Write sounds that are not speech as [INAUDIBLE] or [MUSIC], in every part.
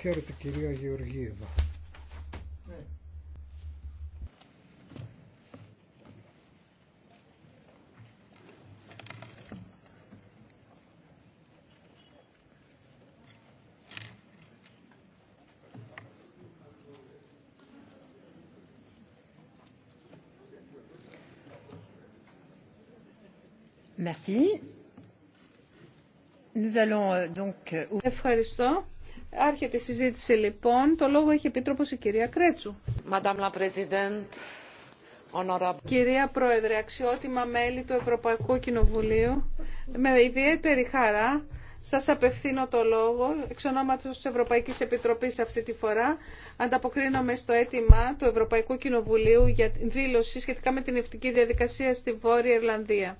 Χαίρετε κυρία Γεωργίδα. Euh, euh, Ευχαριστώ. Άρχεται η συζήτηση λοιπόν. Το λόγο έχει επίτροπος η κυρία Κρέτσου. Κυρία Πρόεδρε, αξιότιμα μέλη του Ευρωπαϊκού Κοινοβουλίου, με ιδιαίτερη χαρά σας απευθύνω το λόγο εξ ονόματος της Ευρωπαϊκής Επιτροπής αυτή τη φορά. Ανταποκρίνομαι στο αίτημα του Ευρωπαϊκού Κοινοβουλίου για δήλωση σχετικά με την ευτική διαδικασία στη Βόρεια Ιρλανδία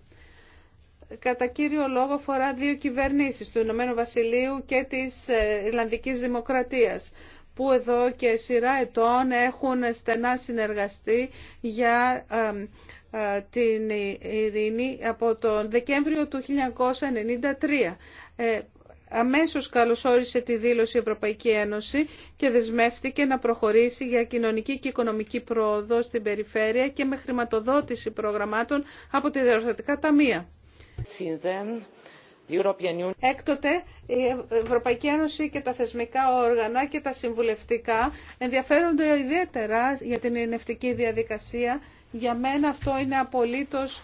κατά κύριο λόγο φορά δύο κυβερνήσεις, του Ηνωμένου Βασιλείου και της ε, Ιρλανδικής Δημοκρατίας, που εδώ και σειρά ετών έχουν στενά συνεργαστεί για ε, την ειρήνη από τον Δεκέμβριο του 1993. Ε, αμέσως καλωσόρισε τη δήλωση η Ευρωπαϊκή Ένωση και δεσμεύτηκε να προχωρήσει για κοινωνική και οικονομική πρόοδο στην περιφέρεια και με χρηματοδότηση προγραμμάτων από τη Διορθωτικά Ταμεία. Έκτοτε η Ευρωπαϊκή Ένωση και τα θεσμικά όργανα και τα συμβουλευτικά ενδιαφέρονται ιδιαίτερα για την ειρηνευτική διαδικασία. Για μένα αυτό είναι απολύτως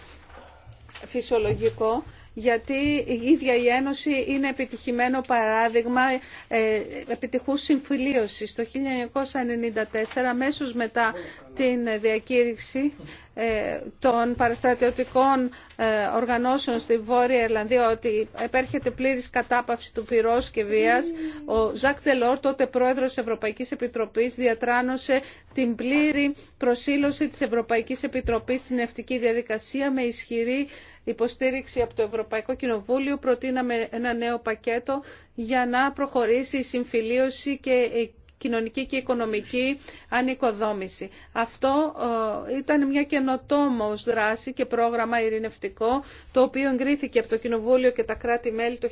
φυσιολογικό γιατί η ίδια η Ένωση είναι επιτυχημένο παράδειγμα ε, επιτυχούς συμφιλίωσης. Το 1994, αμέσως μετά την διακήρυξη ε, των παραστρατιωτικών ε, οργανώσεων στη Βόρεια Ιρλανδία ότι επέρχεται πλήρης κατάπαυση του πυρός και βίας, ο Ζακ Τελόρ, τότε πρόεδρος της Ευρωπαϊκής Επιτροπής, διατράνωσε την πλήρη προσήλωση της Ευρωπαϊκής Επιτροπής στην ευτική διαδικασία με ισχυρή υποστήριξη από το Ευρωπαϊκό Κοινοβούλιο προτείναμε ένα νέο πακέτο για να προχωρήσει η συμφιλίωση και η κοινωνική και οικονομική ανοικοδόμηση. Αυτό ε, ήταν μια καινοτόμο δράση και πρόγραμμα ειρηνευτικό, το οποίο εγκρίθηκε από το Κοινοβούλιο και τα κράτη-μέλη το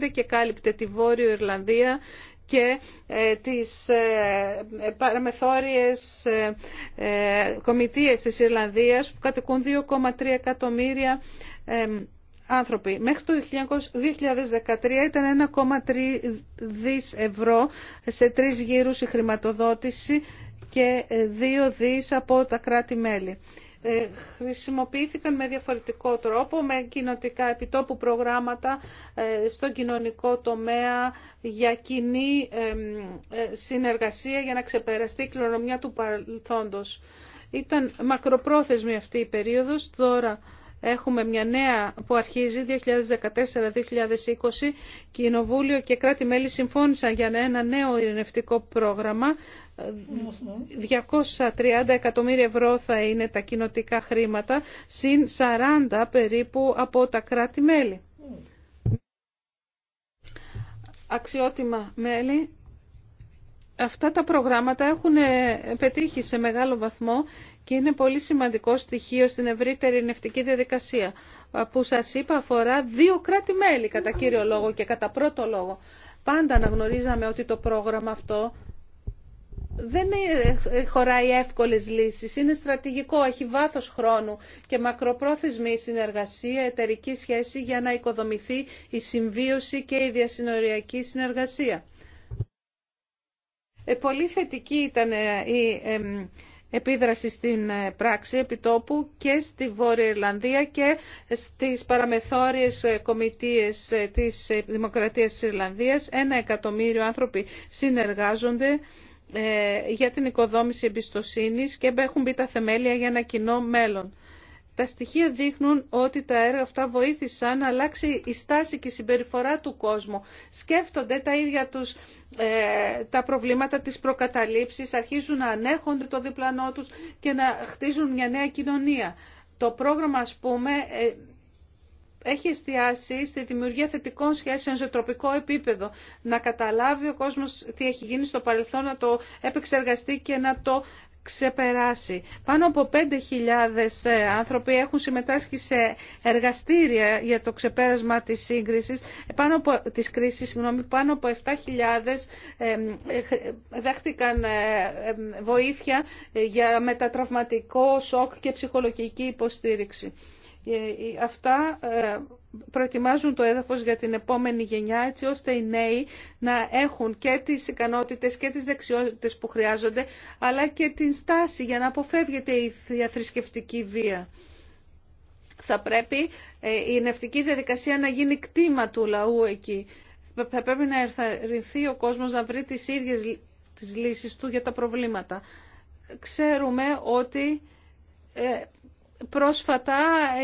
1995 και κάλυπτε τη Βόρειο Ιρλανδία και ε, τις ε, ε, παραμεθόριες κομιτείες της Ιρλανδίας που κατοικούν 2,3 εκατομμύρια άνθρωποι. Μέχρι το 2013 ήταν 1,3 δις ευρώ σε τρεις γύρους η χρηματοδότηση και 2 δις από τα κράτη-μέλη. Ε, χρησιμοποιήθηκαν με διαφορετικό τρόπο, με κοινοτικά επιτόπου προγράμματα ε, στο κοινωνικό τομέα για κοινή ε, συνεργασία για να ξεπεραστεί η κληρονομιά του παρελθόντος. Ήταν μακροπρόθεσμη αυτή η περίοδος, τώρα Έχουμε μια νέα που αρχίζει 2014-2020. Κοινοβούλιο και κράτη-μέλη συμφώνησαν για ένα νέο ειρηνευτικό πρόγραμμα. 230 εκατομμύρια ευρώ θα είναι τα κοινοτικά χρήματα, συν 40 περίπου από τα κράτη-μέλη. Αξιότιμα μέλη, αυτά τα προγράμματα έχουν πετύχει σε μεγάλο βαθμό και είναι πολύ σημαντικό στοιχείο στην ευρύτερη νευτική διαδικασία που σας είπα αφορά δύο κράτη-μέλη κατά κύριο λόγο και κατά πρώτο λόγο. Πάντα αναγνωρίζαμε ότι το πρόγραμμα αυτό δεν ε, ε, ε, χωράει εύκολες λύσεις. Είναι στρατηγικό, έχει βάθος χρόνου και μακροπρόθεσμη συνεργασία, εταιρική σχέση για να οικοδομηθεί η συμβίωση και η διασυνοριακή συνεργασία. πολύ θετική ήταν η επίδραση στην ε, πράξη επιτόπου και στη Βόρεια Ιρλανδία και στις παραμεθόριες ε, κομιτείες ε, της Δημοκρατίας της Ιρλανδίας. Ένα εκατομμύριο άνθρωποι συνεργάζονται για την οικοδόμηση εμπιστοσύνης και έχουν μπει τα θεμέλια για ένα κοινό μέλλον. Τα στοιχεία δείχνουν ότι τα έργα αυτά βοήθησαν να αλλάξει η στάση και η συμπεριφορά του κόσμου. Σκέφτονται τα ίδια τους ε, τα προβλήματα της προκαταλήψης, αρχίζουν να ανέχονται το διπλανό τους και να χτίζουν μια νέα κοινωνία. Το πρόγραμμα, ας πούμε, ε, έχει εστιάσει στη δημιουργία θετικών σχέσεων σε τροπικό επίπεδο. Να καταλάβει ο κόσμος τι έχει γίνει στο παρελθόν, να το επεξεργαστεί και να το ξεπεράσει. Πάνω από 5.000 ε, άνθρωποι έχουν συμμετάσχει σε εργαστήρια για το ξεπέρασμα της σύγκρισης, πάνω από, της κρίσης, συγγνώμη, πάνω από 7.000 ε, ε, δέχτηκαν βοήθεια για μετατραυματικό σοκ και ψυχολογική υποστήριξη. Αυτά προετοιμάζουν το έδαφος για την επόμενη γενιά έτσι ώστε οι νέοι να έχουν και τις ικανότητες και τις δεξιότητες που χρειάζονται αλλά και την στάση για να αποφεύγεται η διαθρησκευτική βία. Θα πρέπει ε, η νευτική διαδικασία να γίνει κτήμα του λαού εκεί. Θα πρέπει να ερθαρρυνθεί ο κόσμος να βρει τις ίδιες λύσεις του για τα προβλήματα. Ξέρουμε ότι ε, πρόσφατα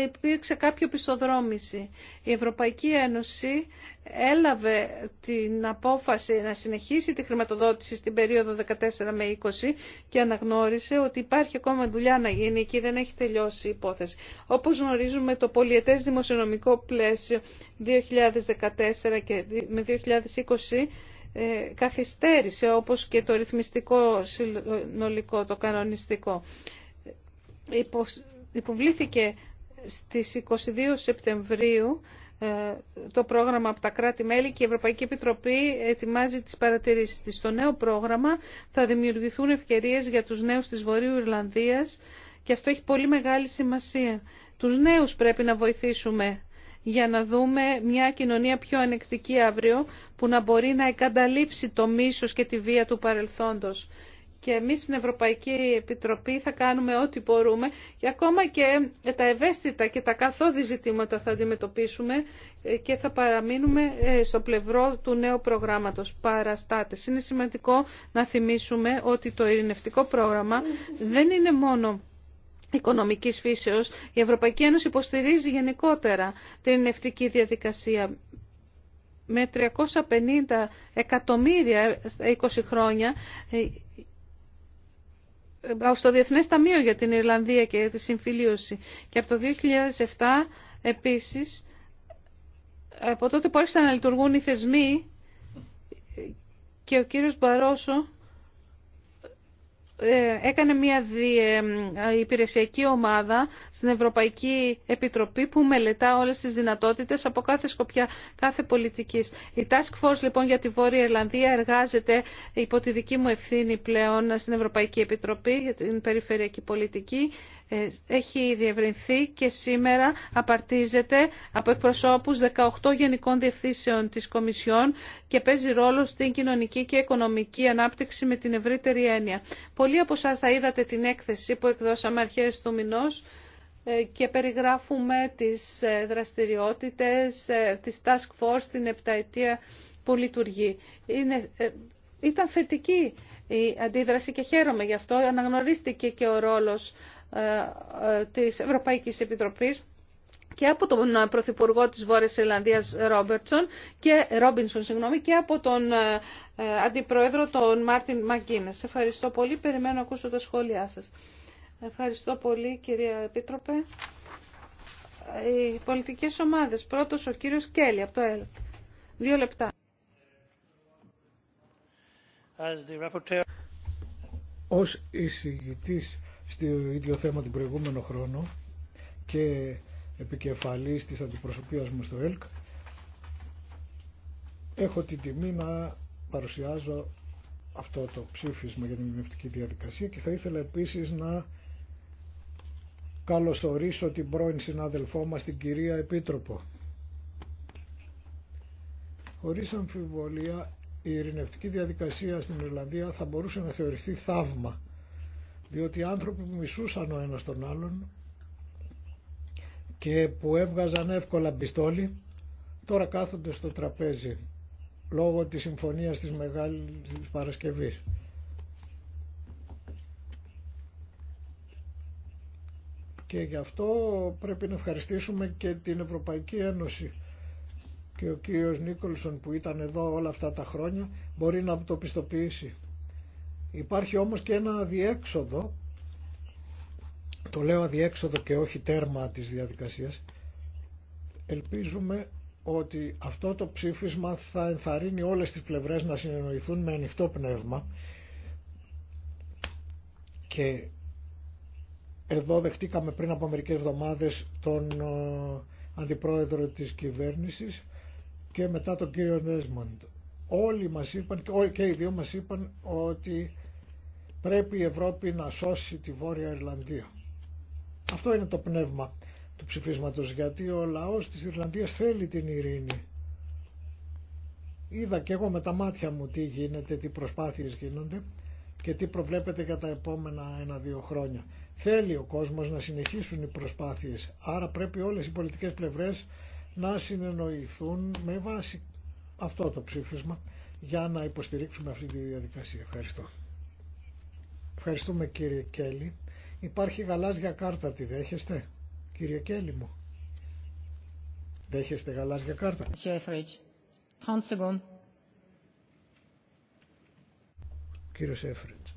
υπήρξε κάποιο πιστοδρόμηση. Η Ευρωπαϊκή Ένωση έλαβε την απόφαση να συνεχίσει τη χρηματοδότηση στην περίοδο 14 με 20 και αναγνώρισε ότι υπάρχει ακόμα δουλειά να γίνει και δεν έχει τελειώσει η υπόθεση. Όπως γνωρίζουμε το πολιετές δημοσιονομικό πλαίσιο 2014 και με 2020 ε, καθυστέρησε όπως και το ρυθμιστικό συνολικό, το κανονιστικό Υποβλήθηκε στις 22 Σεπτεμβρίου ε, το πρόγραμμα από τα κράτη-μέλη και η Ευρωπαϊκή Επιτροπή ετοιμάζει τις παρατηρήσεις της. Στο νέο πρόγραμμα θα δημιουργηθούν ευκαιρίες για τους νέους της Βορείου Ιρλανδίας και αυτό έχει πολύ μεγάλη σημασία. Τους νέους πρέπει να βοηθήσουμε για να δούμε μια κοινωνία πιο ανεκτική αύριο που να μπορεί να εγκαταλείψει το μίσος και τη βία του παρελθόντος και εμείς στην Ευρωπαϊκή Επιτροπή θα κάνουμε ό,τι μπορούμε και ακόμα και τα ευαίσθητα και τα καθόδη ζητήματα θα αντιμετωπίσουμε και θα παραμείνουμε ε, στο πλευρό του νέου προγράμματος παραστάτες. Είναι σημαντικό να θυμίσουμε ότι το ειρηνευτικό πρόγραμμα δεν είναι μόνο οικονομικής φύσεως. Η Ευρωπαϊκή Ένωση υποστηρίζει γενικότερα την ειρηνευτική διαδικασία με 350 εκατομμύρια 20 ε, χρόνια ε, στο Διεθνές Ταμείο για την Ιρλανδία και τη συμφιλίωση. Και από το 2007 επίσης, από τότε που άρχισαν να λειτουργούν οι θεσμοί και ο κύριος Μπαρόσο ε, έκανε μια ε, υπηρεσιακή ομάδα στην Ευρωπαϊκή Επιτροπή που μελετά όλες τις δυνατότητες από κάθε σκοπιά κάθε πολιτικής. Η Task Force λοιπόν για τη Βόρεια Ιρλανδία εργάζεται υπό τη δική μου ευθύνη πλέον στην Ευρωπαϊκή Επιτροπή για την περιφερειακή πολιτική ε, έχει διευρυνθεί και σήμερα απαρτίζεται από εκπροσώπους 18 γενικών διευθύνσεων της Κομισιόν και παίζει ρόλο στην κοινωνική και οικονομική ανάπτυξη με την ευρύτερη έννοια. Πολλοί από εσά θα είδατε την έκθεση που εκδώσαμε αρχές του μηνός ε, και περιγράφουμε τις ε, δραστηριότητες της Task Force την επταετία που λειτουργεί. Είναι, ήταν θετική η αντίδραση και χαίρομαι γι' αυτό. Αναγνωρίστηκε και ο ρόλος ε, ε, της Ευρωπαϊκής Επιτροπής και από τον Πρωθυπουργό της Βόρειας Ιρλανδίας Ρόμπερτσον και, Ρόμπινσον συγγνώμη, και από τον ε, Αντιπρόεδρο τον Μάρτιν Μαγκίνες. Ευχαριστώ πολύ. Περιμένω να ακούσω τα σχόλιά σας. Ευχαριστώ πολύ κυρία Επίτροπε. Οι πολιτικές ομάδες. Πρώτος ο κύριος Κέλλη από το ΕΛΚ. Δύο λεπτά. Ως εισηγητής στο ίδιο θέμα την προηγούμενο χρόνο και επικεφαλής της αντιπροσωπείας μου στο ΕΛΚ έχω την τιμή να παρουσιάζω αυτό το ψήφισμα για την ειρηνευτική διαδικασία και θα ήθελα επίσης να καλωσορίσω την πρώην συνάδελφό μας την κυρία Επίτροπο. Χωρίς αμφιβολία η ειρηνευτική διαδικασία στην Ιρλανδία θα μπορούσε να θεωρηθεί θαύμα διότι οι άνθρωποι που μισούσαν ο ένας τον άλλον και που έβγαζαν εύκολα πιστόλι, τώρα κάθονται στο τραπέζι λόγω της συμφωνίας της Μεγάλης Παρασκευής. Και γι' αυτό πρέπει να ευχαριστήσουμε και την Ευρωπαϊκή Ένωση και ο κύριος Νίκολσον που ήταν εδώ όλα αυτά τα χρόνια μπορεί να το πιστοποιήσει. Υπάρχει όμως και ένα αδιέξοδο, το λέω αδιέξοδο και όχι τέρμα της διαδικασίας, ελπίζουμε ότι αυτό το ψήφισμα θα ενθαρρύνει όλες τις πλευρές να συνεννοηθούν με ανοιχτό πνεύμα και εδώ δεχτήκαμε πριν από μερικές εβδομάδες τον ε, αντιπρόεδρο της κυβέρνησης και μετά τον κύριο Νέσμοντ όλοι μας είπαν και οι δύο μας είπαν ότι πρέπει η Ευρώπη να σώσει τη Βόρεια Ιρλανδία. Αυτό είναι το πνεύμα του ψηφίσματος γιατί ο λαός της Ιρλανδίας θέλει την ειρήνη. Είδα και εγώ με τα μάτια μου τι γίνεται, τι προσπάθειες γίνονται και τι προβλέπεται για τα επόμενα ένα-δύο χρόνια. Θέλει ο κόσμος να συνεχίσουν οι προσπάθειες, άρα πρέπει όλες οι πολιτικές πλευρές να συνεννοηθούν με βάση αυτό το ψήφισμα για να υποστηρίξουμε αυτή τη διαδικασία. Ευχαριστώ. Ευχαριστούμε κύριε Κέλλη. Υπάρχει γαλάζια κάρτα, τη δέχεστε, κύριε Κέλλη μου. Δέχεστε γαλάζια κάρτα. Κύριο Σέφριτς.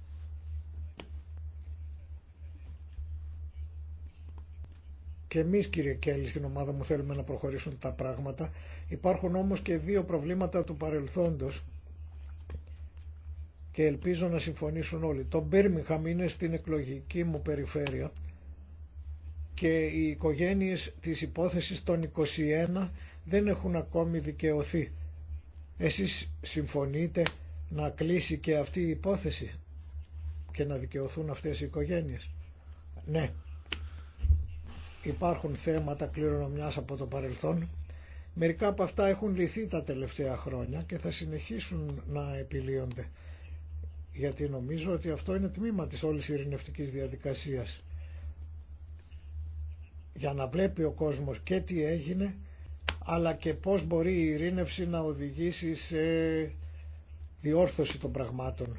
Και εμείς κύριε Κέλλη στην ομάδα μου θέλουμε να προχωρήσουν τα πράγματα Υπάρχουν όμως και δύο προβλήματα του παρελθόντος και ελπίζω να συμφωνήσουν όλοι. Το Μπέρμιχαμ είναι στην εκλογική μου περιφέρεια και οι οικογένειες της υπόθεσης των 21 δεν έχουν ακόμη δικαιωθεί. Εσείς συμφωνείτε να κλείσει και αυτή η υπόθεση και να δικαιωθούν αυτές οι οικογένειες. Ναι, υπάρχουν θέματα κληρονομιάς από το παρελθόν Μερικά από αυτά έχουν λυθεί τα τελευταία χρόνια και θα συνεχίσουν να επιλύονται. Γιατί νομίζω ότι αυτό είναι τμήμα της όλης ειρηνευτικής διαδικασίας. Για να βλέπει ο κόσμος και τι έγινε, αλλά και πώς μπορεί η ειρήνευση να οδηγήσει σε διόρθωση των πραγμάτων.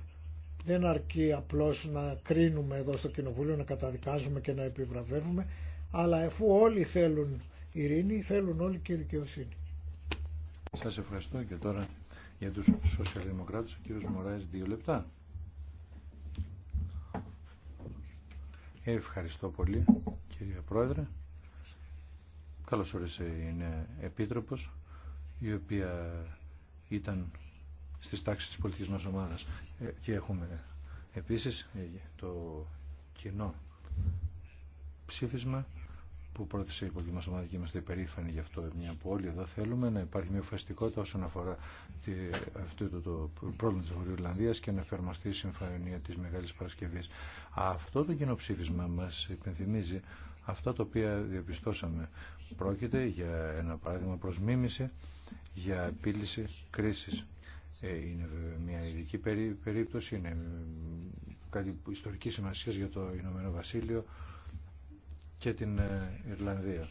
Δεν αρκεί απλώς να κρίνουμε εδώ στο Κοινοβούλιο, να καταδικάζουμε και να επιβραβεύουμε, αλλά εφού όλοι θέλουν ειρήνη, θέλουν όλοι και δικαιοσύνη. Σας ευχαριστώ και τώρα για τους σοσιαλδημοκράτες ο κύριος Μωράης δύο λεπτά. Ευχαριστώ πολύ κύριε Πρόεδρε. Καλώς όρισε είναι Επίτροπος η οποία ήταν στις τάξεις της πολιτικής μας ομάδας ε, και έχουμε επίσης ε, το κοινό ψήφισμα που πρόθεσε η πολιτική μας ομάδα και είμαστε υπερήφανοι γι' αυτό μια που όλοι εδώ θέλουμε να υπάρχει μια οφαστικότητα όσον αφορά τη, αυτό το, το πρόβλημα της Βορειοϊρλανδίας και να εφαρμοστεί η συμφωνία της Μεγάλης Παρασκευής. Αυτό το κοινοψήφισμα μας υπενθυμίζει αυτά τα οποία διαπιστώσαμε. Πρόκειται για ένα παράδειγμα προς μίμηση για επίλυση κρίσης. Ε, είναι μια ειδική περίπτωση, είναι κάτι ιστορική σημασία για το Ηνωμένο Βασίλειο, και την ε, Ιρλανδία.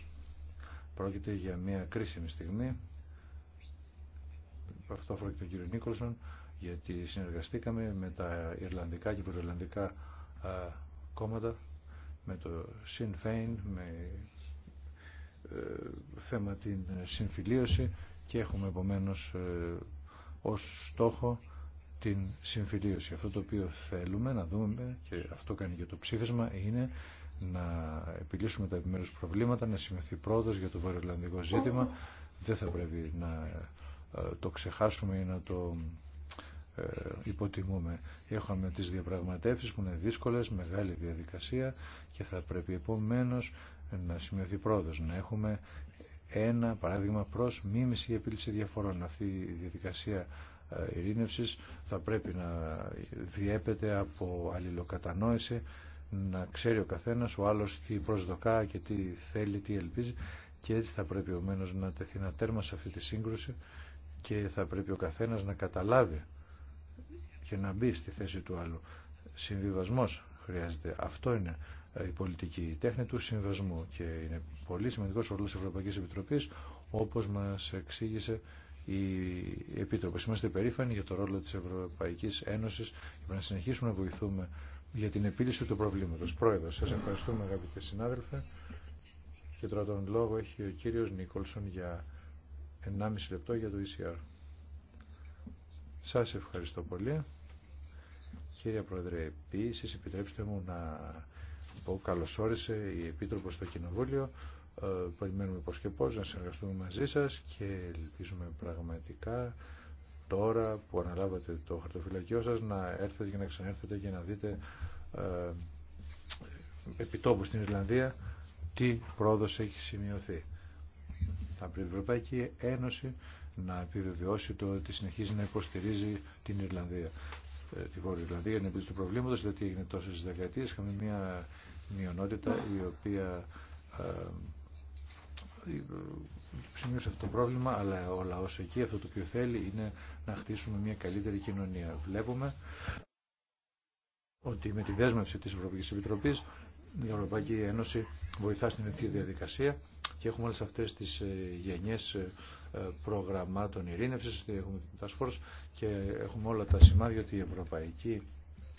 Πρόκειται για μια κρίσιμη στιγμή. Αυτό αφορά και τον κύριο Νίκολσον, γιατί συνεργαστήκαμε με τα Ιρλανδικά και Βορειοϊρλανδικά κόμματα, με το Sinn Féin, με ε, θέμα την συμφιλίωση και έχουμε επομένως ε, ως στόχο την συμφιλίωση. Αυτό το οποίο θέλουμε να δούμε και αυτό κάνει και το ψήφισμα είναι να επιλύσουμε τα επιμέρους προβλήματα, να σημειωθεί πρόοδος για το βαροελλανδικό ζήτημα. Δεν θα πρέπει να ε, το ξεχάσουμε ή να το ε, υποτιμούμε. Έχουμε τις διαπραγματεύσεις που είναι δύσκολες, μεγάλη διαδικασία και θα πρέπει επομένω να σημειωθεί πρόοδος, να έχουμε ένα παράδειγμα προς μίμηση επίλυση διαφορών. Αυτή η διαδικασία ε, ειρήνευσης θα πρέπει να διέπεται από αλληλοκατανόηση να ξέρει ο καθένας, ο άλλος τι προσδοκά και τι θέλει, τι ελπίζει και έτσι θα πρέπει ομένω να τεθεί ένα τέρμα σε αυτή τη σύγκρουση και θα πρέπει ο καθένας να καταλάβει και να μπει στη θέση του άλλου. Συμβιβασμός χρειάζεται. Αυτό είναι ε, η πολιτική τέχνη του συμβασμού και είναι πολύ σημαντικό ο ρόλος της Ευρωπαϊκής Επιτροπής όπως μας εξήγησε η Επίτροπος. Είμαστε περήφανοι για το ρόλο της Ευρωπαϊκής Ένωσης για να συνεχίσουμε να βοηθούμε για την επίλυση του προβλήματο. Πρόεδρο, Σα ευχαριστούμε αγαπητέ συνάδελφε. Και τώρα τον λόγο έχει ο κύριο Νίκολσον για 1,5 λεπτό για το ECR. Σα ευχαριστώ πολύ. Κύριε Πρόεδρε, επίσης επιτρέψτε μου να πω καλώς όρισε η Επίτροπο στο Κοινοβούλιο ε, περιμένουμε πώς και πώς να συνεργαστούμε μαζί σας και ελπίζουμε πραγματικά τώρα που αναλάβατε το χαρτοφυλακείο σας να έρθετε και να ξανέρθετε και να δείτε ε, επιτόπου στην Ιρλανδία τι πρόοδος έχει σημειωθεί. Θα πρέπει η Ευρωπαϊκή Ένωση να επιβεβαιώσει το ότι συνεχίζει να υποστηρίζει την Ιρλανδία. Ε, τη Βόρεια Ιρλανδία είναι επίσης του προβλήματος, γιατί έγινε τόσες δεκαετίες. Είχαμε μια μειονότητα η οποία ε, σημείωσε αυτό το πρόβλημα, αλλά ο λαός εκεί αυτό το οποίο θέλει είναι να χτίσουμε μια καλύτερη κοινωνία. Βλέπουμε ότι με τη δέσμευση της Ευρωπαϊκής Επιτροπής η Ευρωπαϊκή Ένωση βοηθά στην αυτή διαδικασία και έχουμε όλες αυτές τις ε, γενιές ε, προγραμμάτων ειρήνευσης, έχουμε την και έχουμε όλα τα σημάδια ότι η Ευρωπαϊκή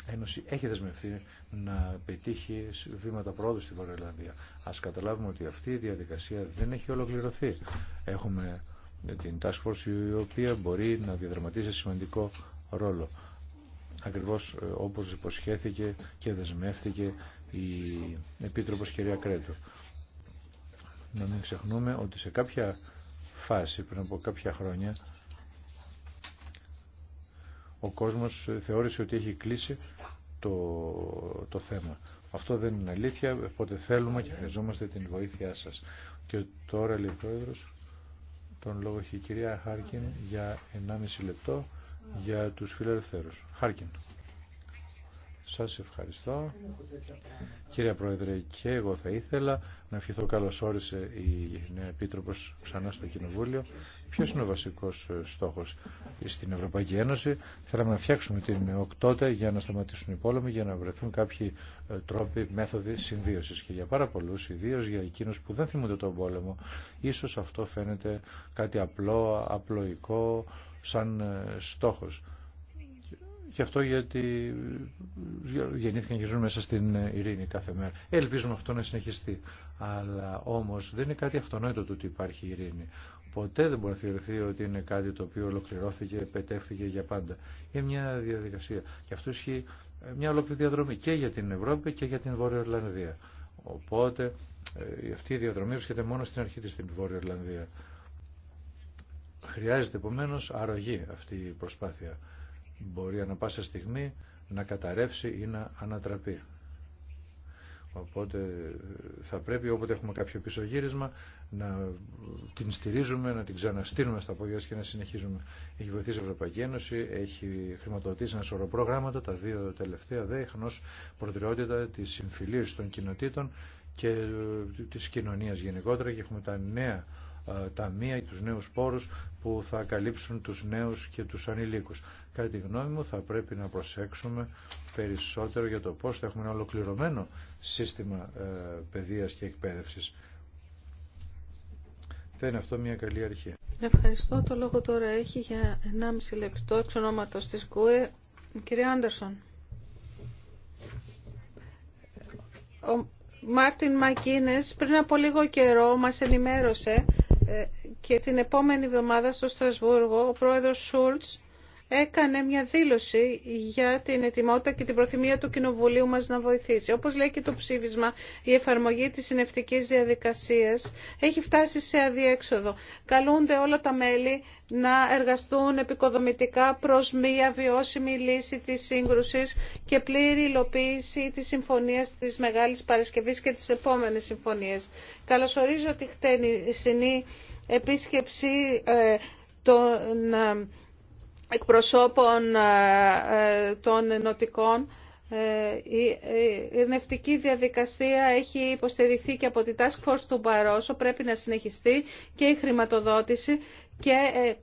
Ένωση έχει δεσμευθεί να πετύχει βήματα πρόοδου στην Βόρεια Ιρλανδία. Α καταλάβουμε ότι αυτή η διαδικασία δεν έχει ολοκληρωθεί. Έχουμε την Task Force η οποία μπορεί να διαδραματίσει σημαντικό ρόλο. Ακριβώς ε, όπως υποσχέθηκε και δεσμεύτηκε η Επίτροπος κυρία Κρέτου. Να μην ξεχνούμε ότι σε κάποια φάση πριν από κάποια χρόνια ο κόσμος θεώρησε ότι έχει κλείσει το, το θέμα. Αυτό δεν είναι αλήθεια, οπότε θέλουμε και χρειαζόμαστε την βοήθειά σας. Και τώρα, λέει τον λόγο έχει η κυρία Χάρκιν για 1,5 λεπτό για τους φιλελευθέρους. Χάρκιν. Σας ευχαριστώ. Κύριε Πρόεδρε, και εγώ θα ήθελα να ευχηθώ καλώς όρισε η νέα Επίτροπος ξανά στο Κοινοβούλιο. Ποιος είναι ο βασικός ε, στόχος στην Ευρωπαϊκή Ένωση. Θέλαμε να φτιάξουμε την οκτώτα για να σταματήσουν οι πόλεμοι, για να βρεθούν κάποιοι ε, τρόποι, μέθοδοι συνδύωσης. Και για πάρα πολλούς, ιδίω για εκείνους που δεν θυμούνται τον πόλεμο, ίσως αυτό φαίνεται κάτι απλό, απλοϊκό, σαν ε, στόχος. Και αυτό γιατί γεννήθηκαν και ζουν μέσα στην ειρήνη κάθε μέρα. Ελπίζουμε αυτό να συνεχιστεί. Αλλά όμως δεν είναι κάτι αυτονόητο το ότι υπάρχει ειρήνη. Ποτέ δεν μπορεί να θεωρηθεί ότι είναι κάτι το οποίο ολοκληρώθηκε, πετεύθηκε για πάντα. Είναι μια διαδικασία. Και αυτό ισχύει ε, μια ολόκληρη διαδρομή και για την Ευρώπη και για την Βόρεια Ορλανδία. Οπότε ε, αυτή η διαδρομή βρίσκεται μόνο στην αρχή της στην Βόρεια Ορλανδία. Χρειάζεται επομένω αρρωγή αυτή η προσπάθεια μπορεί ανα πάσα στιγμή να καταρρεύσει ή να ανατραπεί. Οπότε ε, θα πρέπει όποτε έχουμε κάποιο πίσω γύρισμα να την στηρίζουμε, να την ξαναστείλουμε στα πόδια και να συνεχίζουμε. Έχει βοηθήσει η Ευρωπαϊκή Ένωση, έχει χρηματοδοτήσει ένα σωρό προγράμματα, τα δύο τελευταία δε είχαν ως προτεραιότητα τη συμφιλίωση των κοινοτήτων και ε, της κοινωνίας γενικότερα και έχουμε τα νέα ταμεία ή τους νέους πόρους που θα καλύψουν τους νέους και τους ανηλίκους. Κατά τη γνώμη μου θα πρέπει να προσέξουμε περισσότερο για το πώς θα έχουμε ένα ολοκληρωμένο σύστημα ε, παιδείας και εκπαίδευσης. Θα είναι αυτό μια καλή αρχή. Ευχαριστώ. Το λόγο τώρα έχει για 1,5 λεπτό εξ ονόματος της ΚΟΕ Κύριε κυρία Άντερσον. Ο Μάρτιν Μακίνες πριν από λίγο καιρό μας ενημέρωσε ε, και την επόμενη εβδομάδα στο Στρασβούργο ο πρόεδρος Σούλτς έκανε μια δήλωση για την ετοιμότητα και την προθυμία του Κοινοβουλίου μας να βοηθήσει. Όπως λέει και το ψήφισμα, η εφαρμογή της συνευτικής διαδικασίας έχει φτάσει σε αδιέξοδο. Καλούνται όλα τα μέλη να εργαστούν επικοδομητικά προς μια βιώσιμη λύση της σύγκρουσης και πλήρη υλοποίηση της συμφωνίας της Μεγάλης Παρασκευής και της επόμενης συμφωνίας. Καλωσορίζω τη χτενισινή επίσκεψη ε, των ε, εκπροσώπων ε, ε, των ενωτικών. Ε, η ειρνευτική διαδικασία έχει υποστηριχθεί και από τη Task Force του Μπαρόσο, πρέπει να συνεχιστεί και η χρηματοδότηση και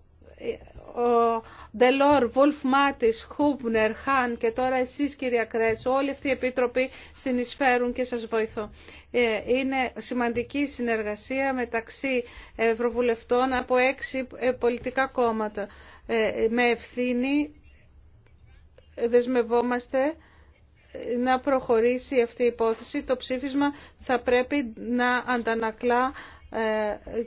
ο Ντελόρ, Βουλφ Μάτις, Χούμπνερ, Χάν και τώρα εσείς κυρία Κρέτσο όλοι αυτοί οι επίτροποι συνεισφέρουν και σας βοηθώ. Είναι σημαντική συνεργασία μεταξύ ευρωβουλευτών από έξι πολιτικά κόμματα. Ε, με ευθύνη δεσμευόμαστε να προχωρήσει αυτή η υπόθεση. Το ψήφισμα θα πρέπει να αντανακλά ε,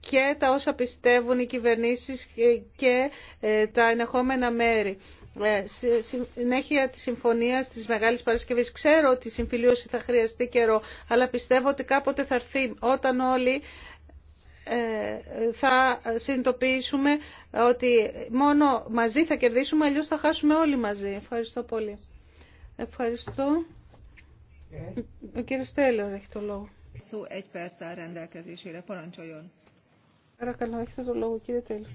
και τα όσα πιστεύουν οι κυβερνήσεις και ε, τα ενεχόμενα μέρη. Συνέχεια της συμφωνίας της Μεγάλης Παρασκευής. Ξέρω ότι η συμφιλίωση θα χρειαστεί καιρό, αλλά πιστεύω ότι κάποτε θα έρθει όταν όλοι ε, θα συνειδητοποιήσουμε ότι μόνο μαζί θα κερδίσουμε, αλλιώς θα χάσουμε όλοι μαζί. Ευχαριστώ πολύ. Ευχαριστώ. Ο κύριος Τέλερ έχει το λόγο. Παρακαλώ, έχετε το λόγο κύριε Τέλερ.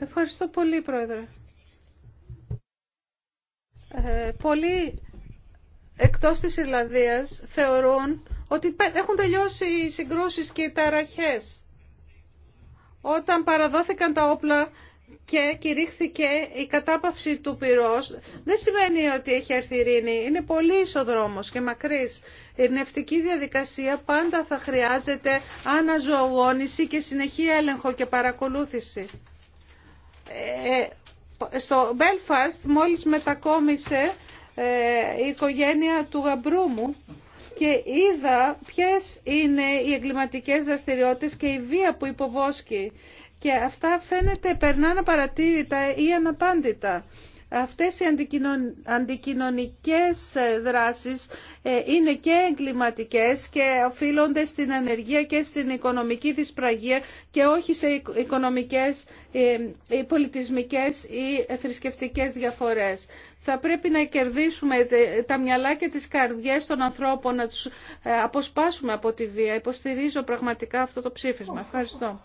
Ευχαριστώ πολύ πρόεδρε. Ε, πολλοί εκτός της Ιρλανδίας θεωρούν ότι έχουν τελειώσει οι συγκρούσεις και οι ταραχές όταν παραδόθηκαν τα όπλα και κηρύχθηκε η κατάπαυση του πυρός, δεν σημαίνει ότι έχει έρθει ειρήνη. Είναι πολύ δρόμος και μακρύς. Η ειρνευτική διαδικασία πάντα θα χρειάζεται αναζωογόνηση και συνεχή έλεγχο και παρακολούθηση. Ε, ε, στο Belfast μόλις μετακόμισε ε, η οικογένεια του γαμπρού μου και είδα ποιες είναι οι εγκληματικές δραστηριότητες και η βία που υποβόσκει. Και αυτά φαίνεται περνάνε παρατήρητα ή αναπάντητα. Αυτές οι αντικοινωνικές ε, δράσεις ε, είναι και εγκληματικές και οφείλονται στην ανεργία και στην οικονομική δυσπραγία και όχι σε οικονομικές, ε, πολιτισμικές ή θρησκευτικές διαφορές θα πρέπει να κερδίσουμε τα μυαλά και τις καρδιές των ανθρώπων, να τους ε, αποσπάσουμε από τη βία. Υποστηρίζω πραγματικά αυτό το ψήφισμα. Ευχαριστώ.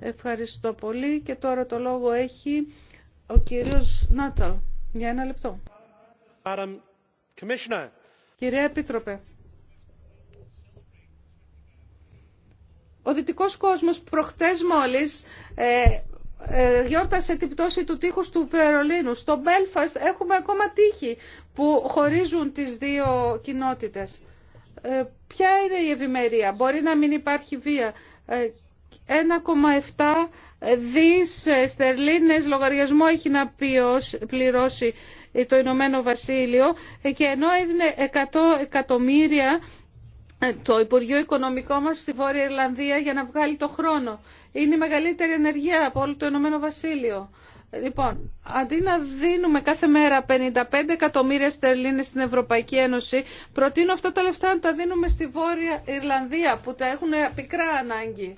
Ευχαριστώ πολύ και τώρα το λόγο έχει ο κύριος Νάταλ. Για ένα λεπτό. Κυρία Επίτροπε, ο δυτικός κόσμος προχτές μόλις ε, ε, γιόρτασε την πτώση του τείχους του Περολίνου. Στο Μπέλφαστ έχουμε ακόμα τείχη που χωρίζουν τις δύο κοινότητες. Ε, ποια είναι η ευημερία. Μπορεί να μην υπάρχει βία. 1,7 ε, δις στερλίνες λογαριασμό έχει να πληρώσει το Ηνωμένο Βασίλειο και ενώ έδινε 100 εκατομμύρια ε, το Υπουργείο Οικονομικό μας στη Βόρεια Ιρλανδία για να βγάλει το χρόνο. Είναι η μεγαλύτερη ενεργεία από όλο το Ηνωμένο Βασίλειο. Ε, λοιπόν, αντί να δίνουμε κάθε μέρα 55 εκατομμύρια στερλίνες στην Ευρωπαϊκή Ένωση, προτείνω αυτά τα λεφτά να τα δίνουμε στη Βόρεια Ιρλανδία που τα έχουν πικρά ανάγκη.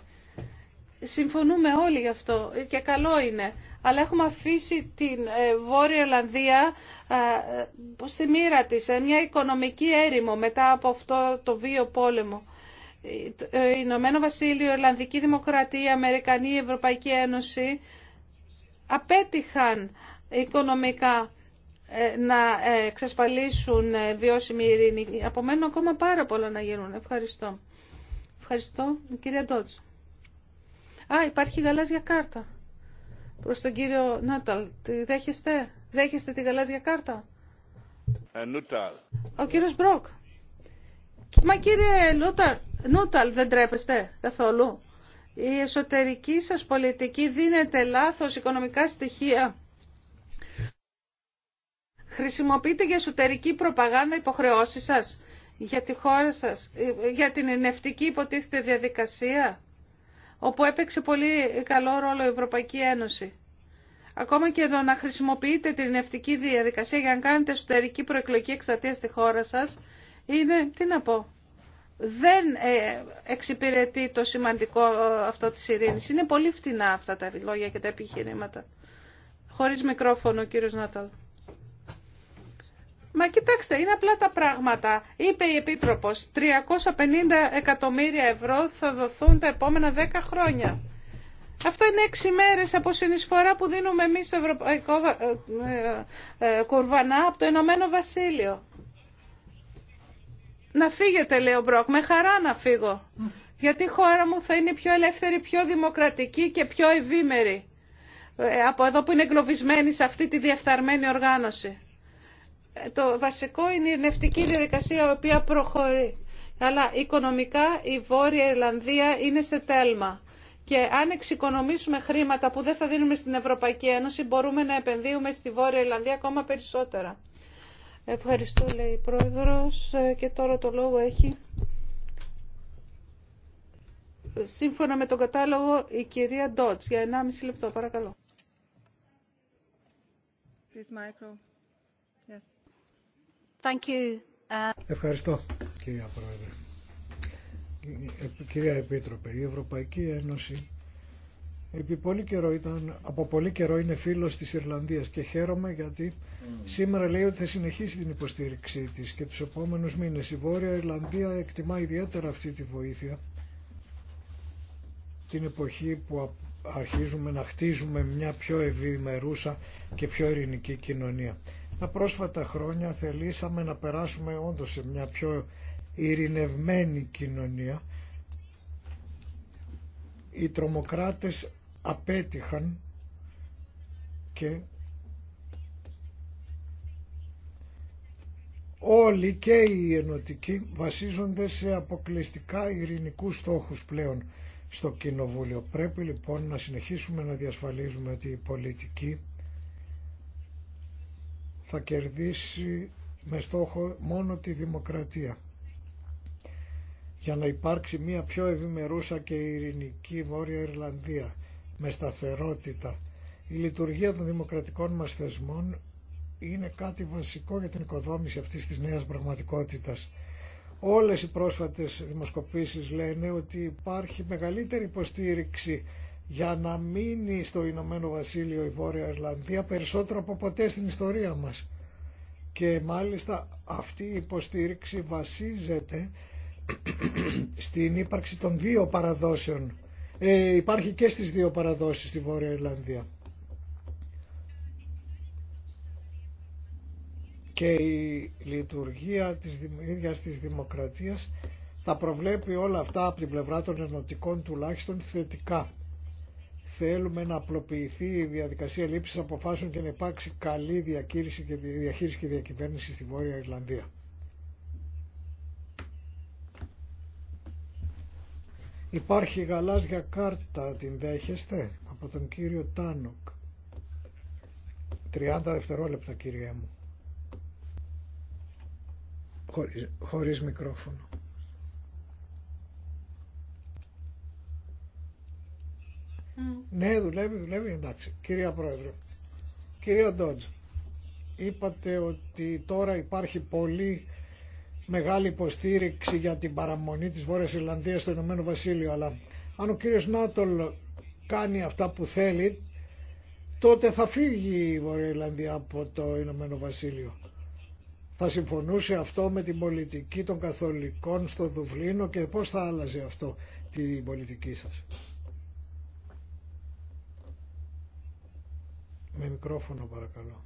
Συμφωνούμε όλοι γι' αυτό και καλό είναι. Αλλά έχουμε αφήσει την ε, Βόρεια Ολλανδία ε, στη μοίρα της, σε μια οικονομική έρημο μετά από αυτό το βίο πόλεμο. Ε, Ηνωμένο Βασίλειο, Ολλανδική Δημοκρατία, Αμερικανή, Ευρωπαϊκή Ένωση απέτυχαν οικονομικά να εξασφαλίσουν βιώσιμη ειρήνη. Απομένουν ακόμα πάρα πολλά να γίνουν. Ευχαριστώ. Ευχαριστώ. Κυρία Ντότσο. Α, υπάρχει γαλάζια κάρτα. Προς τον κύριο Νάταλ, τη δέχεστε, δέχεστε τη γαλάζια κάρτα. Ε, Ο κύριο Μπροκ. Μα κύριε Λούταλ, Νούταλ δεν τρέπεστε καθόλου. Η εσωτερική σας πολιτική δίνεται λάθος οικονομικά στοιχεία. Χρησιμοποιείτε για εσωτερική προπαγάνδα υποχρεώσεις σας, για τη χώρα σας, ε, για την ενευτική υποτίθεται διαδικασία όπου έπαιξε πολύ καλό ρόλο η Ευρωπαϊκή Ένωση. Ακόμα και εδώ να χρησιμοποιείτε την ευτική διαδικασία για να κάνετε εσωτερική προεκλογική εξατία στη χώρα σας, είναι, τι να πω, δεν ε, εξυπηρετεί το σημαντικό ε, αυτό της ειρήνης. Είναι πολύ φτηνά αυτά τα λόγια και τα επιχειρήματα. Χωρίς μικρόφωνο, κύριος Νάταλ. Μα κοιτάξτε, είναι απλά τα πράγματα. Είπε η Επίτροπος, 350 εκατομμύρια ευρώ θα δοθούν τα επόμενα 10 χρόνια. Αυτό είναι 6 μέρες από συνεισφορά που δίνουμε εμείς στο Ευρωπαϊκό ε, ε, ε, Κουρβανά από το Ηνωμένο Βασίλειο. Να φύγετε, λέει ο Μπρόκ, με χαρά να φύγω. Γιατί η χώρα μου θα είναι πιο ελεύθερη, πιο δημοκρατική και πιο ευήμερη. Από εδώ που είναι εγκλωβισμένη σε αυτή τη διεφθαρμένη οργάνωση το βασικό είναι η νευτική διαδικασία η οποία προχωρεί. Αλλά οικονομικά η Βόρεια Ιρλανδία είναι σε τέλμα. Και αν εξοικονομήσουμε χρήματα που δεν θα δίνουμε στην Ευρωπαϊκή Ένωση, μπορούμε να επενδύουμε στη Βόρεια Ιρλανδία ακόμα περισσότερα. Ευχαριστώ, λέει η Πρόεδρος. Ε, και τώρα το λόγο έχει. Σύμφωνα με τον κατάλογο, η κυρία Ντότς. Για 1,5 λεπτό, παρακαλώ. Yes. Uh, Ευχαριστώ κυρία Πρόεδρε. Ε, κυρία Επίτροπε, η Ευρωπαϊκή Ένωση επί πολύ καιρό ήταν, από πολύ καιρό είναι φίλος της Ιρλανδίας και χαίρομαι γιατί mm. σήμερα λέει ότι θα συνεχίσει την υποστήριξή της και τους επόμενους μήνες. Η Βόρεια Ιρλανδία εκτιμά ιδιαίτερα αυτή τη βοήθεια την εποχή που αρχίζουμε να χτίζουμε μια πιο ευημερούσα και πιο ειρηνική κοινωνία. Τα πρόσφατα χρόνια θελήσαμε να περάσουμε όντως σε μια πιο ειρηνευμένη κοινωνία. Οι τρομοκράτες απέτυχαν και όλοι και οι ενωτικοί βασίζονται σε αποκλειστικά ειρηνικούς στόχους πλέον στο Κοινοβούλιο. Πρέπει λοιπόν να συνεχίσουμε να διασφαλίζουμε ότι η πολιτική θα κερδίσει με στόχο μόνο τη δημοκρατία για να υπάρξει μια πιο ευημερούσα και ειρηνική Βόρεια Ιρλανδία με σταθερότητα. Η λειτουργία των δημοκρατικών μας θεσμών είναι κάτι βασικό για την οικοδόμηση αυτής της νέας πραγματικότητας. Όλες οι πρόσφατες δημοσκοπήσεις λένε ότι υπάρχει μεγαλύτερη υποστήριξη για να μείνει στο Ηνωμένο Βασίλειο η Βόρεια Ιρλανδία περισσότερο από ποτέ στην ιστορία μας. Και μάλιστα αυτή η υποστήριξη βασίζεται [CLEARS THROAT] στην ύπαρξη των δύο παραδόσεων. Ε, υπάρχει και στις δύο παραδόσεις στη Βόρεια Ιρλανδία. Και η λειτουργία της ίδιας της δημοκρατίας τα προβλέπει όλα αυτά από την πλευρά των ενωτικών τουλάχιστον θετικά θέλουμε να απλοποιηθεί η διαδικασία λήψης αποφάσεων και να υπάρξει καλή διαχείριση και, διαχείριση και διακυβέρνηση στη Βόρεια Ιρλανδία. Υπάρχει γαλάζια κάρτα, την δέχεστε, από τον κύριο Τάνοκ. 30 δευτερόλεπτα κύριε μου. Χωρίς, χωρίς μικρόφωνο. Mm. Ναι, δουλεύει, δουλεύει, εντάξει. Κυρία Πρόεδρε, κυρία Ντότζ, είπατε ότι τώρα υπάρχει πολύ μεγάλη υποστήριξη για την παραμονή της Βόρειας Ιρλανδίας στο Ηνωμένο Βασίλειο, αλλά αν ο κύριος Νάτολ κάνει αυτά που θέλει, τότε θα φύγει η Βόρεια Ιρλανδία από το Ηνωμένο Βασίλειο. Θα συμφωνούσε αυτό με την πολιτική των καθολικών στο Δουβλίνο και πώς θα άλλαζε αυτό την πολιτική σας. Με μικρόφωνο παρακαλώ.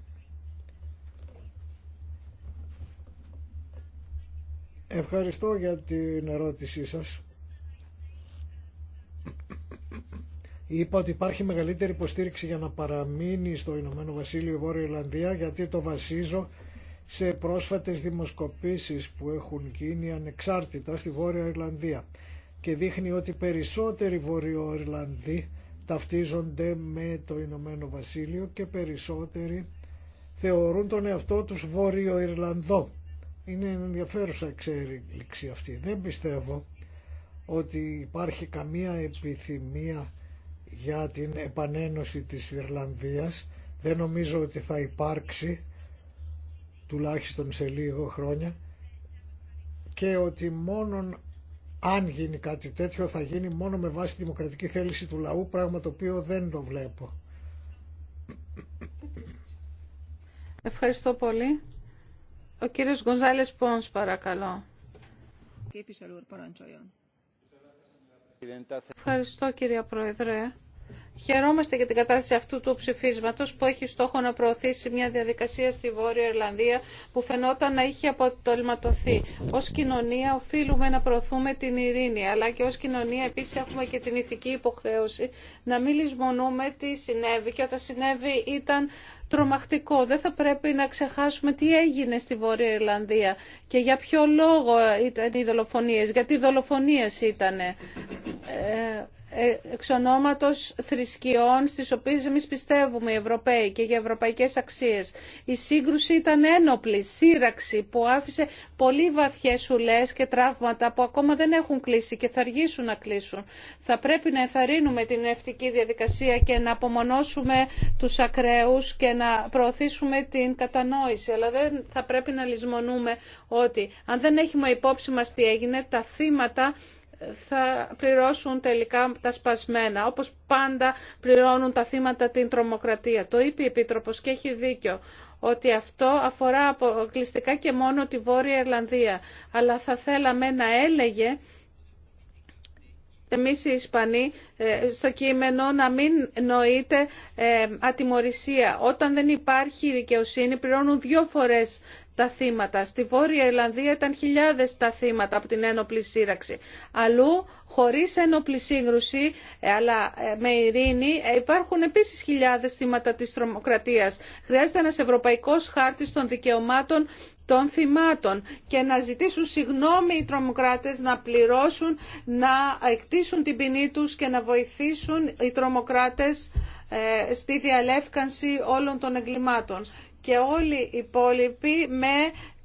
Ευχαριστώ για την ερώτησή σας. Είπα ότι υπάρχει μεγαλύτερη υποστήριξη για να παραμείνει στο Ηνωμένο Βασίλειο η Βόρεια Ιρλανδία γιατί το βασίζω σε πρόσφατες δημοσκοπήσεις που έχουν γίνει ανεξάρτητα στη Βόρεια Ιρλανδία και δείχνει ότι περισσότεροι Ιρλανδοί ταυτίζονται με το Ηνωμένο Βασίλειο και περισσότεροι θεωρούν τον εαυτό τους Βόρειο Ιρλανδό. Είναι ενδιαφέρουσα εξέλιξη αυτή. Δεν πιστεύω ότι υπάρχει καμία επιθυμία για την επανένωση της Ιρλανδίας. Δεν νομίζω ότι θα υπάρξει, τουλάχιστον σε λίγο χρόνια, και ότι μόνον αν γίνει κάτι τέτοιο θα γίνει μόνο με βάση τη δημοκρατική θέληση του λαού, πράγμα το οποίο δεν το βλέπω. Ευχαριστώ πολύ. Ο κύριος Γκονζάλης Πόνς, παρακαλώ. Ευχαριστώ κύριε Πρόεδρε. Χαιρόμαστε για την κατάσταση αυτού του ψηφίσματο που έχει στόχο να προωθήσει μια διαδικασία στη Βόρεια Ιρλανδία που φαινόταν να είχε αποτολματωθεί. Ω κοινωνία οφείλουμε να προωθούμε την ειρήνη, αλλά και ω κοινωνία επίση έχουμε και την ηθική υποχρέωση να μην λησμονούμε τι συνέβη και όταν συνέβη ήταν τρομακτικό. Δεν θα πρέπει να ξεχάσουμε τι έγινε στη Βόρεια Ιρλανδία και για ποιο λόγο ήταν οι δολοφονίες, γιατί οι δολοφονίες ήταν ε, ε, εξ ονόματος θρησκειών στις οποίες εμείς πιστεύουμε οι Ευρωπαίοι και για ευρωπαϊκές αξίες. Η σύγκρουση ήταν ένοπλη, σύραξη που άφησε πολύ βαθιές ουλές και τραύματα που ακόμα δεν έχουν κλείσει και θα αργήσουν να κλείσουν. Θα πρέπει να ενθαρρύνουμε την ευτική διαδικασία και να απομονώσουμε τους ακραίους και να προωθήσουμε την κατανόηση. Αλλά δεν θα πρέπει να λησμονούμε ότι αν δεν έχουμε υπόψη μας τι έγινε, τα θύματα ε, θα πληρώσουν τελικά τα σπασμένα, όπως πάντα πληρώνουν τα θύματα την τρομοκρατία. Το είπε η Επίτροπος και έχει δίκιο ότι αυτό αφορά αποκλειστικά και μόνο τη Βόρεια Ιρλανδία. Αλλά θα θέλαμε να έλεγε εμείς οι Ισπανοί ε, στο κείμενο να μην νοείται ε, ατιμορρησία. Όταν δεν υπάρχει δικαιοσύνη πληρώνουν δύο φορές τα θύματα. Στη Βόρεια Ιρλανδία ήταν χιλιάδες τα θύματα από την ένοπλη σύραξη. Αλλού, χωρίς ένοπλη σύγκρουση, ε, αλλά με ειρήνη, υπάρχουν επίσης χιλιάδες θύματα της τρομοκρατίας. Χρειάζεται ένας ευρωπαϊκός χάρτης των δικαιωμάτων των θυμάτων και να ζητήσουν συγνώμη οι τρομοκράτες να πληρώσουν, να εκτίσουν την ποινή τους και να βοηθήσουν οι τρομοκράτες ε, στη διαλεύκανση όλων των εγκλημάτων. Και όλοι οι υπόλοιποι με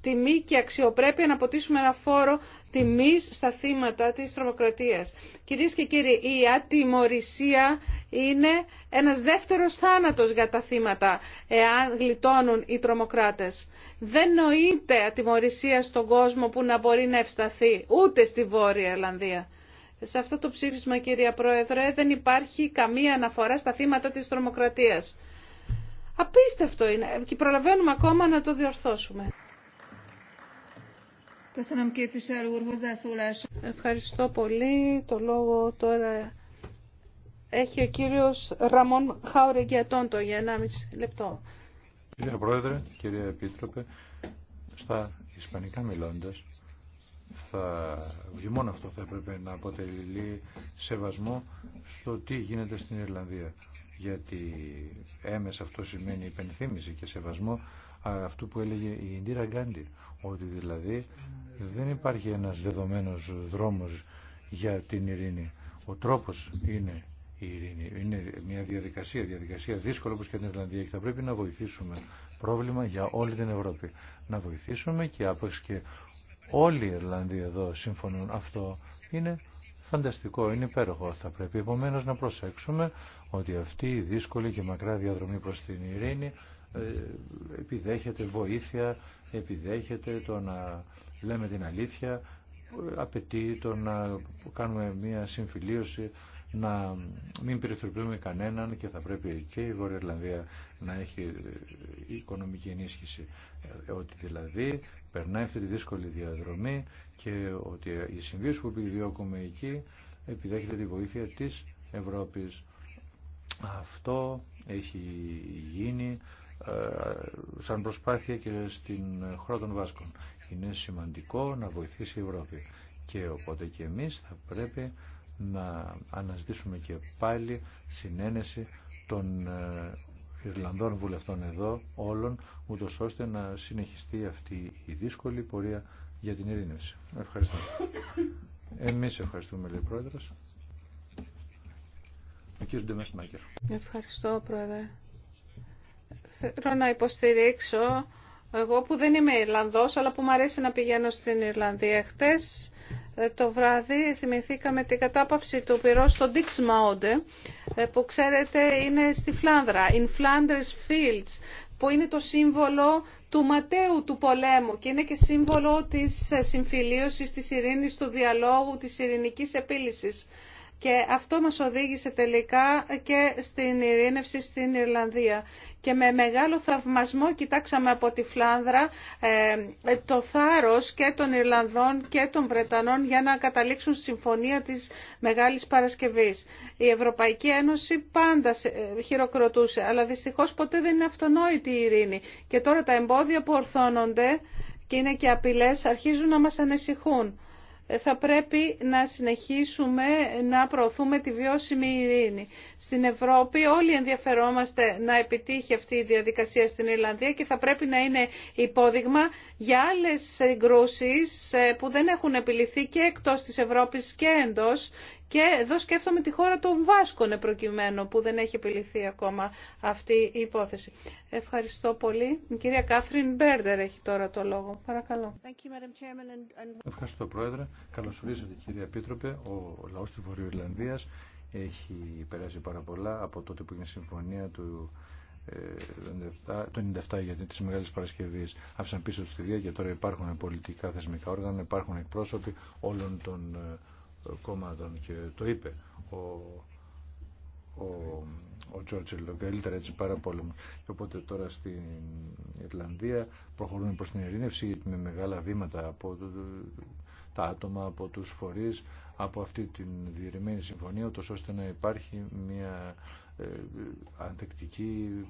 τιμή και αξιοπρέπεια να ποτίσουμε ένα φόρο τιμής στα θύματα της τρομοκρατίας. Κυρίες και κύριοι, η ατιμορρησία είναι ένας δεύτερος θάνατος για τα θύματα, εάν γλιτώνουν οι τρομοκράτες. Δεν νοείται ατιμορρησία στον κόσμο που να μπορεί να ευσταθεί, ούτε στη Βόρεια Ελλανδία. Σε αυτό το ψήφισμα, κυρία Πρόεδρε, δεν υπάρχει καμία αναφορά στα θύματα της τρομοκρατίας. Απίστευτο είναι και προλαβαίνουμε ακόμα να το διορθώσουμε. Ευχαριστώ πολύ. Το λόγο τώρα έχει ο κύριος Ραμόν το για 1,5 λεπτό. Κυρία Πρόεδρε, κύριε Επίτροπε, στα ισπανικά μιλώντας, θα, μόνο αυτό θα έπρεπε να αποτελεί σεβασμό στο τι γίνεται στην Ιρλανδία. Γιατί έμεσα αυτό σημαίνει υπενθύμηση και σεβασμό αυτού που έλεγε η Ιντήρα Γκάντι, ότι δηλαδή δεν υπάρχει ένας δεδομένος δρόμος για την ειρήνη. Ο τρόπος είναι η ειρήνη. Είναι μια διαδικασία, διαδικασία δύσκολη όπως και την Ιρλανδία και θα πρέπει να βοηθήσουμε πρόβλημα για όλη την Ευρώπη. Να βοηθήσουμε και άπαξ και όλοι οι Ιρλανδοί εδώ συμφωνούν. Αυτό είναι φανταστικό, είναι υπέροχο. Θα πρέπει επομένως να προσέξουμε ότι αυτή η δύσκολη και μακρά διαδρομή προς την ειρήνη ε, επιδέχεται βοήθεια, επιδέχεται το να λέμε την αλήθεια, απαιτεί το να κάνουμε μια συμφιλίωση, να μην περιθωριοποιούμε κανέναν και θα πρέπει και η Βόρεια να έχει ε, οικονομική ενίσχυση. Ε, ότι δηλαδή περνάει αυτή τη δύσκολη διαδρομή και ότι οι συμβίωση που επιδιώκουμε εκεί επιδέχεται τη βοήθεια της Ευρώπης. Αυτό έχει γίνει ε, σαν προσπάθεια και στην χώρα των Βάσκων. Είναι σημαντικό να βοηθήσει η Ευρώπη και οπότε και εμείς θα πρέπει να αναζητήσουμε και πάλι συνένεση των ε, Ιρλανδών βουλευτών εδώ όλων, ούτω ώστε να συνεχιστεί αυτή η δύσκολη πορεία για την ειρήνευση. Ευχαριστώ. Εμείς ευχαριστούμε, λέει Πρόεδρος. Ο Ευχαριστώ, Πρόεδρε. Θέλω να υποστηρίξω εγώ που δεν είμαι Ιρλανδός, αλλά που μου αρέσει να πηγαίνω στην Ιρλανδία. Χτες ε, το βράδυ θυμηθήκαμε την κατάπαυση του πυρός στο Dixmount, ε, που ξέρετε είναι στη Φλάνδρα, in Flanders Fields, που είναι το σύμβολο του ματέου του πολέμου και είναι και σύμβολο της ε, συμφιλίωσης, της ειρήνης, του διαλόγου, της ειρηνικής επίλυσης. Και αυτό μας οδήγησε τελικά και στην ειρήνευση στην Ιρλανδία. Και με μεγάλο θαυμασμό κοιτάξαμε από τη Φλάνδρα ε, το θάρρος και των Ιρλανδών και των Βρετανών για να καταλήξουν στη συμφωνία της Μεγάλης Παρασκευής. Η Ευρωπαϊκή Ένωση πάντα ε, χειροκροτούσε, αλλά δυστυχώς ποτέ δεν είναι αυτονόητη η ειρήνη. Και τώρα τα εμπόδια που ορθώνονται και είναι και απειλές αρχίζουν να μας ανησυχούν θα πρέπει να συνεχίσουμε να προωθούμε τη βιώσιμη ειρήνη. Στην Ευρώπη όλοι ενδιαφερόμαστε να επιτύχει αυτή η διαδικασία στην Ιρλανδία και θα πρέπει να είναι υπόδειγμα για άλλες συγκρούσει ε, που δεν έχουν επιληθεί και εκτός της Ευρώπης και εντός και εδώ σκέφτομαι τη χώρα των Βάσκων προκειμένου που δεν έχει επιληθεί ακόμα αυτή η υπόθεση. Ευχαριστώ πολύ. Η κυρία Κάθριν Μπέρντερ έχει τώρα το λόγο. Παρακαλώ. Ευχαριστώ Πρόεδρε. Καλώς ορίζετε κυρία Επίτροπε. Ο λαός της Βορειοϊρλανδίας έχει περάσει πάρα πολλά από τότε που είναι η συμφωνία του το 97 γιατί τις Μεγάλες Παρασκευής άφησαν πίσω τους τη Δία και τώρα υπάρχουν πολιτικά θεσμικά όργανα, υπάρχουν εκπρόσωποι όλων των ε, κομμάτων και το είπε ο, ο, ο ο καλύτερα έτσι πάρα πολύ. Και οπότε τώρα στην Ιρλανδία προχωρούμε προς την ειρήνευση με μεγάλα βήματα από τα άτομα, από τους φορείς, από αυτή την διερημένη συμφωνία, ώστε να υπάρχει μια ε, αντεκτική,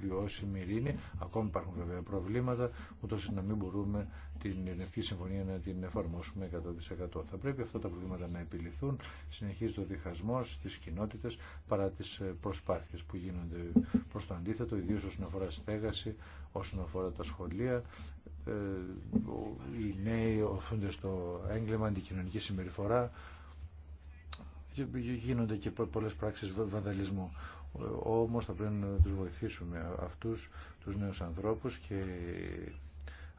βιώσιμη ειρήνη. Ακόμη υπάρχουν βέβαια προβλήματα, ούτω να μην μπορούμε την ενευκή Συμφωνία να την εφαρμόσουμε 100%. Θα πρέπει αυτά τα προβλήματα να επιληθούν. Συνεχίζει το διχασμό της κοινότητε παρά τι ε, προσπάθειε που γίνονται προ το αντίθετο, ιδίω όσον αφορά στέγαση, όσον αφορά τα σχολεία. Ε, οι νέοι οφούνται στο έγκλημα, αντικοινωνική συμπεριφορά, γίνονται και πολλές πράξεις βανδαλισμού. Όμως θα πρέπει να τους βοηθήσουμε αυτούς τους νέους ανθρώπους και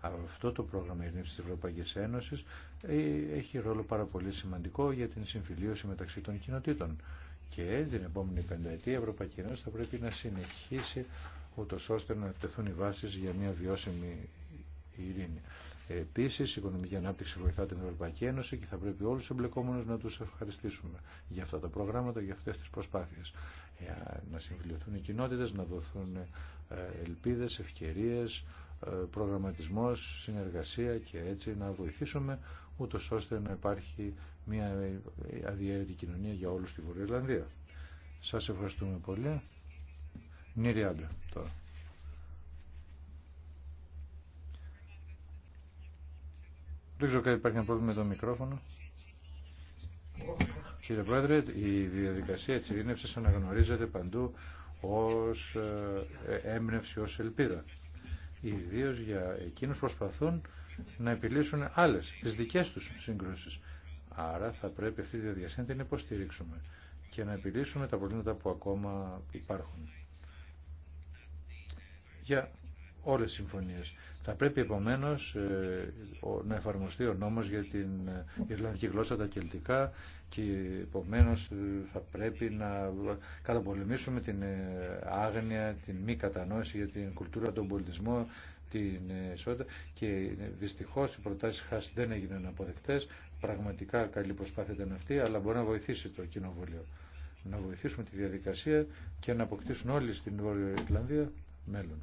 αυτό το πρόγραμμα της Ευρωπαϊκής Ένωσης ε, έχει ρόλο πάρα πολύ σημαντικό για την συμφιλίωση μεταξύ των κοινοτήτων. Και την επόμενη πενταετία η Ευρωπαϊκή Ένωση θα πρέπει να συνεχίσει ούτως ώστε να τεθούν οι βάσεις για μια βιώσιμη ειρήνη. Επίση, η οικονομική ανάπτυξη βοηθά την Ευρωπαϊκή Ένωση και θα πρέπει όλου του εμπλεκόμενου να του ευχαριστήσουμε για αυτά τα προγράμματα, για αυτέ τι προσπάθειε. Ε, να συμφιλειωθούν οι κοινότητε, να δοθούν ε, ελπίδε, ευκαιρίε, προγραμματισμό, συνεργασία και έτσι να βοηθήσουμε ούτω ώστε να υπάρχει μια ε, αδιαίρετη κοινωνία για όλου στη Βορειοελλανδία. Σα ευχαριστούμε πολύ. Νίριάντα τώρα. Δεν ξέρω κάτι υπάρχει ένα πρόβλημα με το μικρόφωνο. Κύριε Πρόεδρε, η διαδικασία της ειρήνευσης αναγνωρίζεται παντού ως ε, έμπνευση, ως ελπίδα. Ιδίω για εκείνους που προσπαθούν να επιλύσουν άλλες, τις δικές τους σύγκρουσεις. Άρα θα πρέπει αυτή τη διαδικασία να την υποστηρίξουμε και να επιλύσουμε τα προβλήματα που ακόμα υπάρχουν όλες οι συμφωνίες. Θα πρέπει επομένως ε, να εφαρμοστεί ο νόμος για την ε, Ιρλανδική γλώσσα τα κελτικά και επομένως ε, θα πρέπει να καταπολεμήσουμε την άγνοια, την μη κατανόηση για την κουλτούρα, τον πολιτισμό, την ισότητα και δυστυχώς οι προτάσεις χάς δεν έγιναν αποδεκτές. Πραγματικά καλή προσπάθεια ήταν αυτή, αλλά μπορεί να βοηθήσει το Κοινοβούλιο. Να βοηθήσουμε τη διαδικασία και να αποκτήσουν όλοι στην Βόρεια Ιρλανδία μέλλον.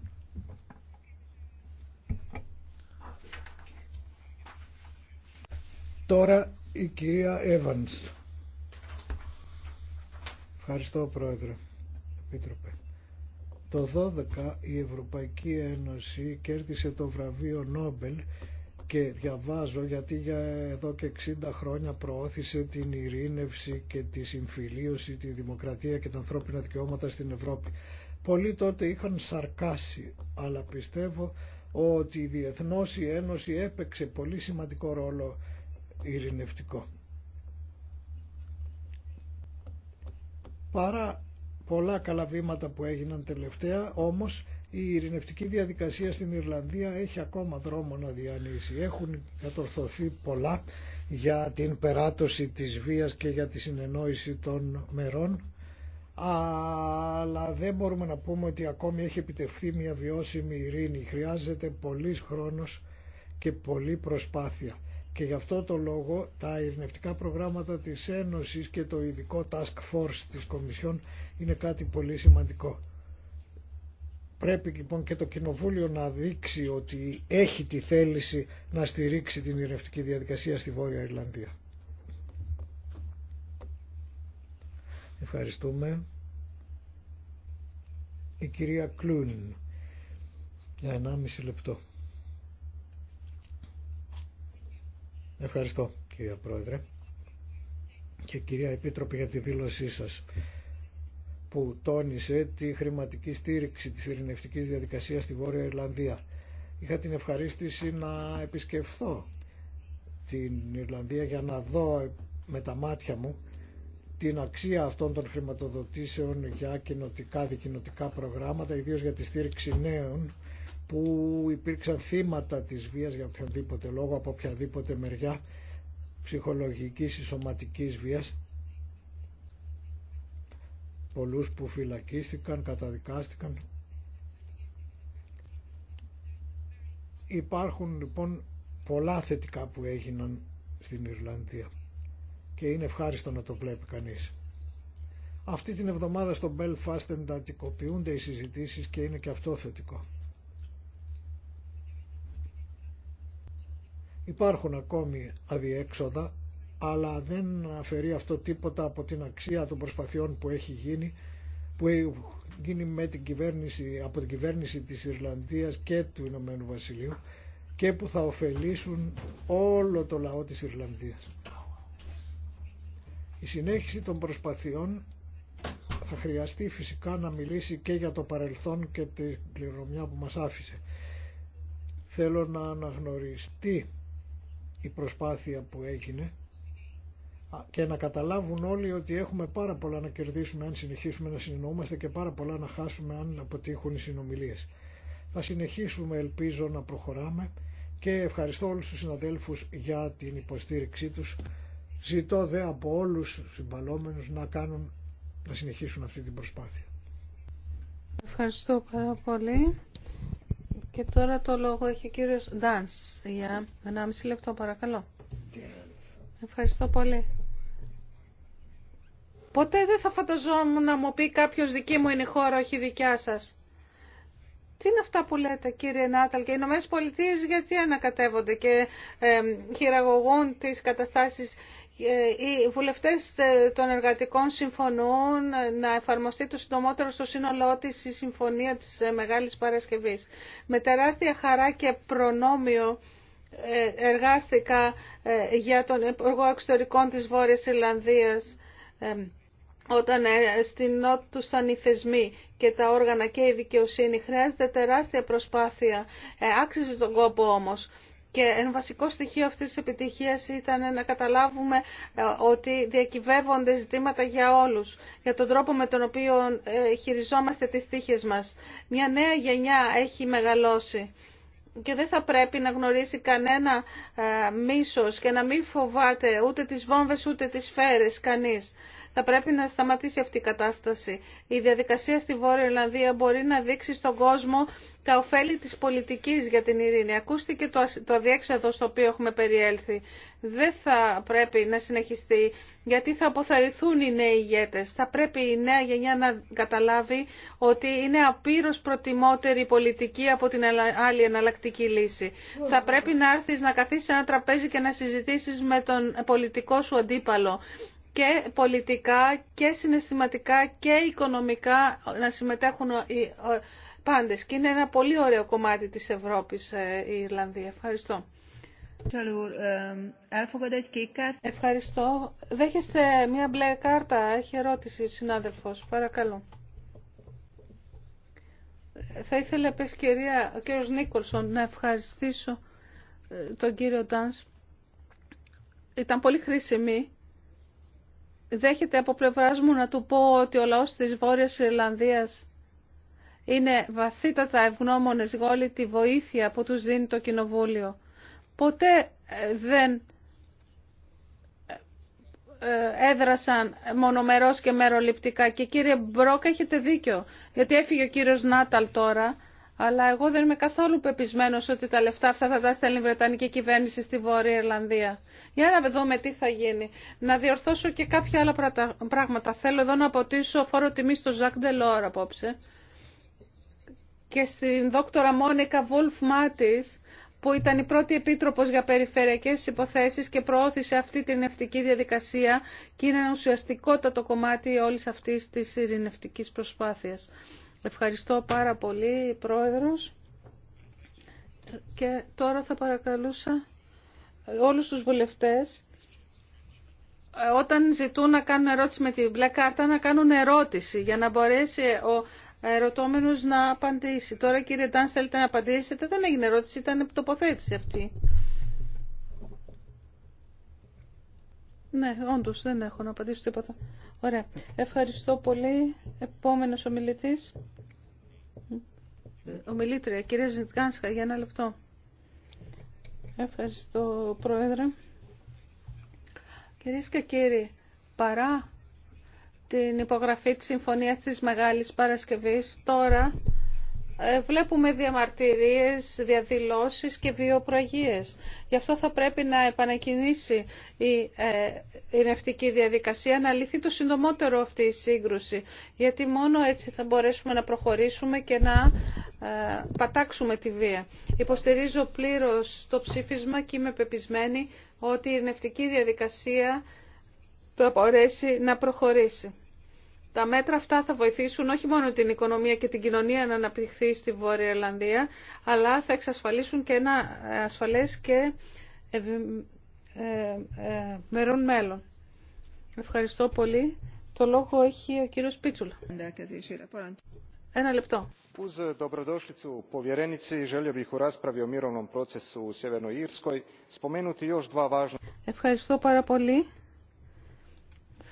Τώρα η κυρία Εύανς. Ευχαριστώ Πρόεδρε. Επίτροπε. Το 12 η Ευρωπαϊκή Ένωση κέρδισε το βραβείο Νόμπελ και διαβάζω γιατί για εδώ και 60 χρόνια προώθησε την ειρήνευση και τη συμφιλίωση, τη δημοκρατία και τα ανθρώπινα δικαιώματα στην Ευρώπη. Πολλοί τότε είχαν σαρκάσει, αλλά πιστεύω ότι η Διεθνώς Ένωση έπαιξε πολύ σημαντικό ρόλο ειρηνευτικό. Παρά πολλά καλά βήματα που έγιναν τελευταία, όμως η ειρηνευτική διαδικασία στην Ιρλανδία έχει ακόμα δρόμο να διανύσει. Έχουν κατορθωθεί πολλά για την περάτωση της βίας και για τη συνεννόηση των μερών αλλά δεν μπορούμε να πούμε ότι ακόμη έχει επιτευχθεί μια βιώσιμη ειρήνη. Χρειάζεται πολύς χρόνος και πολλή προσπάθεια. Και γι' αυτό το λόγο τα ειρηνευτικά προγράμματα της Ένωσης και το ειδικό task force της Κομισιόν είναι κάτι πολύ σημαντικό. Πρέπει λοιπόν και το Κοινοβούλιο να δείξει ότι έχει τη θέληση να στηρίξει την ειρηνευτική διαδικασία στη Βόρεια Ιρλανδία. Ευχαριστούμε. Η κυρία Κλούν για 1,5 λεπτό. Ευχαριστώ κυρία Πρόεδρε και κυρία Επίτροπη για τη δήλωσή σας που τόνισε τη χρηματική στήριξη της ειρηνευτικής διαδικασίας στη Βόρεια Ιρλανδία. Είχα την ευχαρίστηση να επισκεφθώ την Ιρλανδία για να δω με τα μάτια μου την αξία αυτών των χρηματοδοτήσεων για κοινοτικά, δικοινοτικά προγράμματα, ιδίως για τη στήριξη νέων που υπήρξαν θύματα της βίας για οποιονδήποτε λόγο, από οποιαδήποτε μεριά ψυχολογικής ή σωματικής βίας. Πολλούς που φυλακίστηκαν, καταδικάστηκαν. Υπάρχουν λοιπόν πολλά θετικά που έγιναν στην Ιρλανδία και είναι ευχάριστο να το βλέπει κανείς. Αυτή την εβδομάδα στο Belfast εντατικοποιούνται οι συζητήσεις και είναι και αυτό θετικό. Υπάρχουν ακόμη αδιέξοδα, αλλά δεν αφαιρεί αυτό τίποτα από την αξία των προσπαθειών που έχει γίνει, που γίνει με την κυβέρνηση, από την κυβέρνηση της Ιρλανδίας και του Ηνωμένου Βασιλείου και που θα ωφελήσουν όλο το λαό της Ιρλανδίας. Η συνέχιση των προσπαθειών θα χρειαστεί φυσικά να μιλήσει και για το παρελθόν και την κληρονομιά που μας άφησε. Θέλω να αναγνωριστεί η προσπάθεια που έγινε και να καταλάβουν όλοι ότι έχουμε πάρα πολλά να κερδίσουμε αν συνεχίσουμε να συνεννοούμαστε και πάρα πολλά να χάσουμε αν αποτύχουν οι συνομιλίες. Θα συνεχίσουμε ελπίζω να προχωράμε και ευχαριστώ όλους τους συναδέλφους για την υποστήριξή τους Ζητώ δε από όλους τους συμπαλόμενους να κάνουν, να συνεχίσουν αυτή την προσπάθεια. Ευχαριστώ πάρα πολύ. Και τώρα το λόγο έχει ο κύριος Ντάνς για 1,5 λεπτό παρακαλώ. Ευχαριστώ πολύ. Ποτέ δεν θα φανταζόμουν να μου πει κάποιος δική μου είναι η χώρα, όχι η δικιά σας. Τι είναι αυτά που λέτε κύριε Νάταλ και οι Ηνωμένες Πολιτείες γιατί ανακατεύονται και χειραγωγούν τις καταστάσεις ε, οι βουλευτές ε, των εργατικών συμφωνούν ε, να εφαρμοστεί το συντομότερο στο σύνολό της η συμφωνία της Μεγάλης Παρασκευής. Με τεράστια χαρά και προνόμιο εργάστηκα για τον Υπουργό Εξωτερικών της Βόρειας Ιρλανδίας όταν στην στηνόντουσαν οι θεσμοί και τα όργανα και η δικαιοσύνη. Χρειάζεται τεράστια προσπάθεια. Άξιζε τον κόπο όμως. Και ένα βασικό στοιχείο αυτής της επιτυχίας ήταν να καταλάβουμε ε, ότι διακυβεύονται ζητήματα για όλους, για τον τρόπο με τον οποίο ε, χειριζόμαστε τις τύχες μας. Μια νέα γενιά έχει μεγαλώσει και δεν θα πρέπει να γνωρίσει κανένα ε, μίσος και να μην φοβάται ούτε τις βόμβες ούτε τις σφαίρες κανείς. Θα πρέπει να σταματήσει αυτή η κατάσταση. Η διαδικασία στη Βόρεια Ιρλανδία μπορεί να δείξει στον κόσμο τα ωφέλη της πολιτικής για την ειρήνη. Ακούστηκε το, το αδιέξοδο στο οποίο έχουμε περιέλθει. Δεν θα πρέπει να συνεχιστεί, γιατί θα αποθαρρυθούν οι νέοι ηγέτες. Θα πρέπει η νέα γενιά να καταλάβει ότι είναι απείρως προτιμότερη η πολιτική από την άλλη εναλλακτική λύση. Θα πρέπει να έρθεις να καθίσεις σε ένα τραπέζι και να συζητήσεις με τον πολιτικό σου αντίπαλο και πολιτικά και συναισθηματικά και οικονομικά να συμμετέχουν οι πάντες και είναι ένα πολύ ωραίο κομμάτι της Ευρώπης ε, η Ιρλανδία. Ευχαριστώ. Ευχαριστώ. Δέχεστε μια μπλε κάρτα. Έχει ερώτηση συνάδελφος. Παρακαλώ. Θα ήθελα επ' ευκαιρία ο κύριος Νίκολσον να ευχαριστήσω ε, τον κύριο Ντάνς. Ήταν πολύ χρήσιμη. Δέχεται από πλευράς μου να του πω ότι ο λαός της Βόρειας Ιρλανδίας είναι βαθύτατα ευγνώμονες για τη βοήθεια που τους δίνει το Κοινοβούλιο. Ποτέ ε, δεν ε, ε, έδρασαν μονομερός και μεροληπτικά. Και κύριε Μπρόκ έχετε δίκιο, γιατί έφυγε ο κύριος Νάταλ τώρα, αλλά εγώ δεν είμαι καθόλου πεπισμένος ότι τα λεφτά αυτά θα τα στέλνει η Βρετανική κυβέρνηση στη Βόρεια Ιρλανδία. Για να δούμε τι θα γίνει. Να διορθώσω και κάποια άλλα πράγματα. Θέλω εδώ να αποτίσω φόρο τιμή στο Ζακ Ντελόρ απόψε και στην δόκτωρα Μόνικα Βούλφ Μάτις που ήταν η πρώτη επίτροπος για περιφερειακές υποθέσεις και προώθησε αυτή την ευτική διαδικασία και είναι ένα ουσιαστικότατο κομμάτι όλης αυτής της ειρηνευτικής προσπάθειας. Ευχαριστώ πάρα πολύ, Πρόεδρος. Και τώρα θα παρακαλούσα όλους τους βουλευτές όταν ζητούν να κάνουν ερώτηση με την μπλε κάρτα να κάνουν ερώτηση για να μπορέσει ο ερωτώμενο να απαντήσει. Τώρα κύριε Ντάν, θέλετε να απαντήσετε, δεν έγινε ερώτηση, ήταν τοποθέτηση αυτή. Ναι, όντως δεν έχω να απαντήσω τίποτα. Ωραία. Ευχαριστώ πολύ. Επόμενος ομιλητής. Ομιλήτρια, κυρία Ζητγάνσκα, για ένα λεπτό. Ευχαριστώ, Πρόεδρε. Κυρίες και κύριοι, παρά την υπογραφή της Συμφωνίας της Μεγάλης Παρασκευής. Τώρα ε, βλέπουμε διαμαρτυρίες, διαδηλώσεις και βιοπραγίες. Γι' αυτό θα πρέπει να επανακινήσει η ενευτική διαδικασία, να λυθεί το συντομότερο αυτή η σύγκρουση. Γιατί μόνο έτσι θα μπορέσουμε να προχωρήσουμε και να ε, πατάξουμε τη βία. Υποστηρίζω πλήρως το ψήφισμα και είμαι πεπισμένη ότι η ειρευτική διαδικασία θα μπορέσει να προχωρήσει. Τα μέτρα αυτά θα βοηθήσουν όχι μόνο την οικονομία και την κοινωνία να αναπτυχθεί στη Βόρεια Ιρλανδία, αλλά θα εξασφαλίσουν και ένα ασφαλές και ε, ε, μερών μέλλον. Ευχαριστώ πολύ. Το λόγο έχει ο κύριος Πίτσουλα. Ένα λεπτό. Uz dobrodošlicu povjerenici želio bih u raspravi Ευχαριστώ πάρα πολύ.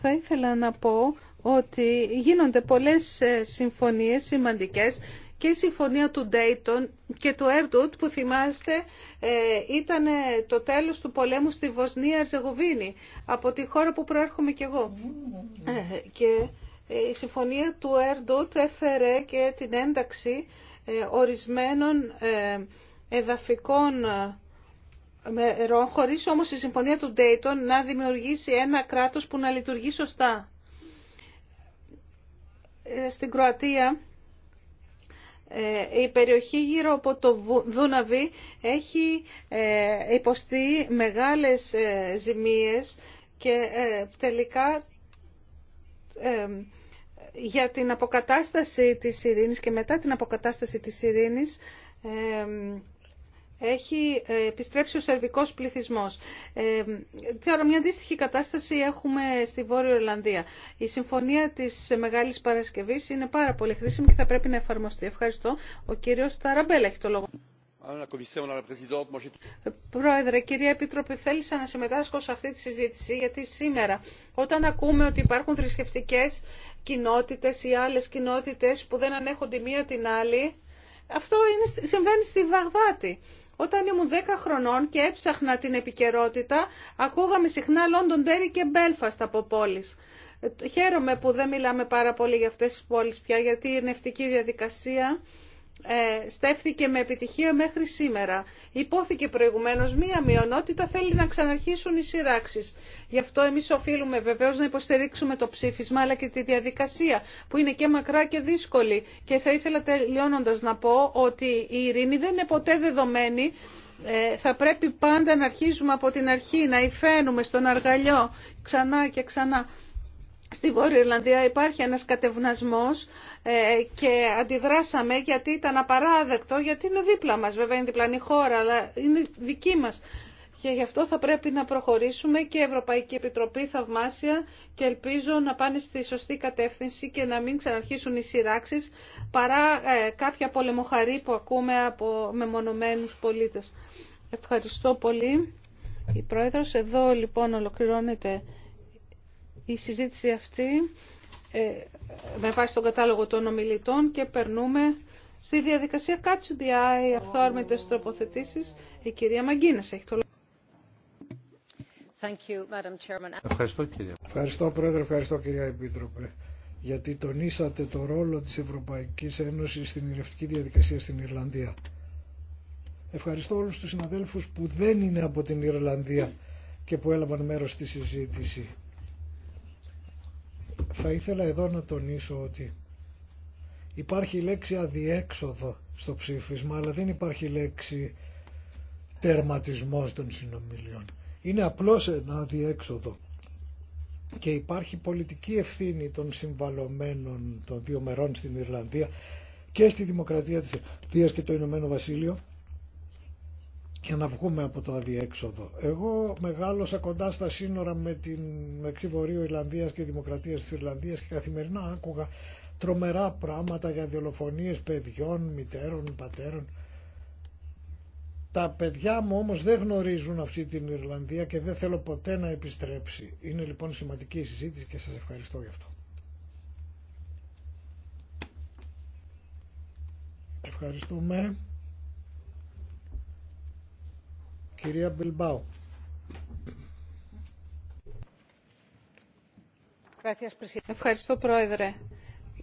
Θα ήθελα να πω ότι γίνονται πολλές ε, συμφωνίες σημαντικές και η συμφωνία του Ντέιτον και του Ερντούτ που θυμάστε ε, ήταν ε, το τέλος του πολέμου στη Βοσνία Ζεγοβίνη από τη χώρα που προέρχομαι κι εγώ. και η συμφωνία του Ερντούτ έφερε και την ένταξη ορισμένων εδαφικών Χωρί χωρίς όμως η συμφωνία του Ντέιτον να δημιουργήσει ένα κράτος που να λειτουργεί σωστά. Ε, στην Κροατία ε, η περιοχή γύρω από το Δούναβι έχει ε, υποστεί μεγάλες ζημίες και τελικά για την αποκατάσταση της ειρήνης και μετά την αποκατάσταση της ειρήνης έχει ε, επιστρέψει ο σερβικός πληθυσμός. Ε, θεωρώ μια αντίστοιχη κατάσταση έχουμε στη Βόρεια Ιρλανδία. Η συμφωνία της Μεγάλης Παρασκευής είναι πάρα πολύ χρήσιμη και θα πρέπει να εφαρμοστεί. Ευχαριστώ. Ο κύριος Ταραμπέλα έχει το λόγο. Πρόεδρε, κυρία Επίτροπη, θέλησα να συμμετάσχω σε αυτή τη συζήτηση γιατί σήμερα όταν ακούμε ότι υπάρχουν θρησκευτικέ κοινότητε ή άλλε κοινότητε που δεν ανέχονται μία την άλλη, αυτό είναι, συμβαίνει στη Βαγδάτη. Όταν ήμουν 10 χρονών και έψαχνα την επικαιρότητα, ακούγαμε συχνά London Derry και Belfast από πόλεις. Ε, χαίρομαι που δεν μιλάμε πάρα πολύ για αυτές τις πόλεις πια, γιατί η νευτική διαδικασία ε, στέφθηκε με επιτυχία μέχρι σήμερα. Υπόθηκε προηγουμένως μία μειονότητα θέλει να ξαναρχίσουν οι σειράξεις. Γι' αυτό εμείς οφείλουμε βεβαίως να υποστηρίξουμε το ψήφισμα αλλά και τη διαδικασία που είναι και μακρά και δύσκολη. Και θα ήθελα τελειώνοντας να πω ότι η ειρήνη δεν είναι ποτέ δεδομένη ε, θα πρέπει πάντα να αρχίζουμε από την αρχή, να υφαίνουμε στον αργαλιό ξανά και ξανά. Στη Βόρεια Ιρλανδία υπάρχει ένας κατευνασμός ε, και αντιδράσαμε γιατί ήταν απαράδεκτο, γιατί είναι δίπλα μας, βέβαια είναι διπλανή χώρα, αλλά είναι δική μας. Και γι' αυτό θα πρέπει να προχωρήσουμε και η Ευρωπαϊκή Επιτροπή θαυμάσια και ελπίζω να πάνε στη σωστή κατεύθυνση και να μην ξαναρχίσουν οι σειράξει παρά ε, κάποια πολεμοχαρή που ακούμε από μεμονωμένους πολίτες. Ευχαριστώ πολύ. Η Πρόεδρος εδώ λοιπόν ολοκληρώνεται η συζήτηση αυτή ε, με βάση τον κατάλογο των ομιλητών και περνούμε στη διαδικασία Catch the Eye, αυθόρμητες τροποθετήσεις. Η κυρία Μαγκίνες έχει το λόγο. you, Ευχαριστώ κύριε. Ευχαριστώ Πρόεδρε, ευχαριστώ κυρία Επίτροπε γιατί τονίσατε το ρόλο της Ευρωπαϊκής Ένωσης στην ηρευτική διαδικασία στην Ιρλανδία. Ευχαριστώ όλους τους συναδέλφους που δεν είναι από την Ιρλανδία και που έλαβαν μέρος στη συζήτηση. Θα ήθελα εδώ να τονίσω ότι υπάρχει λέξη αδιέξοδο στο ψήφισμα, αλλά δεν υπάρχει λέξη τερματισμός των συνομιλιών. Είναι απλώς ένα αδιέξοδο. Και υπάρχει πολιτική ευθύνη των συμβαλωμένων των δύο μερών στην Ιρλανδία και στη Δημοκρατία της Ιρλανδίας και το Ηνωμένο Βασίλειο για να βγούμε από το αδιέξοδο. Εγώ μεγάλωσα κοντά στα σύνορα με την μεξή Βορείο Ιρλανδίας και Δημοκρατίας της Ιρλανδίας και καθημερινά άκουγα τρομερά πράγματα για δολοφονίες παιδιών, μητέρων, πατέρων. Τα παιδιά μου όμως δεν γνωρίζουν αυτή την Ιρλανδία και δεν θέλω ποτέ να επιστρέψει. Είναι λοιπόν σημαντική η συζήτηση και σας ευχαριστώ γι' αυτό. Ευχαριστούμε. Κυρία Μπιλμπάου. Ευχαριστώ Πρόεδρε.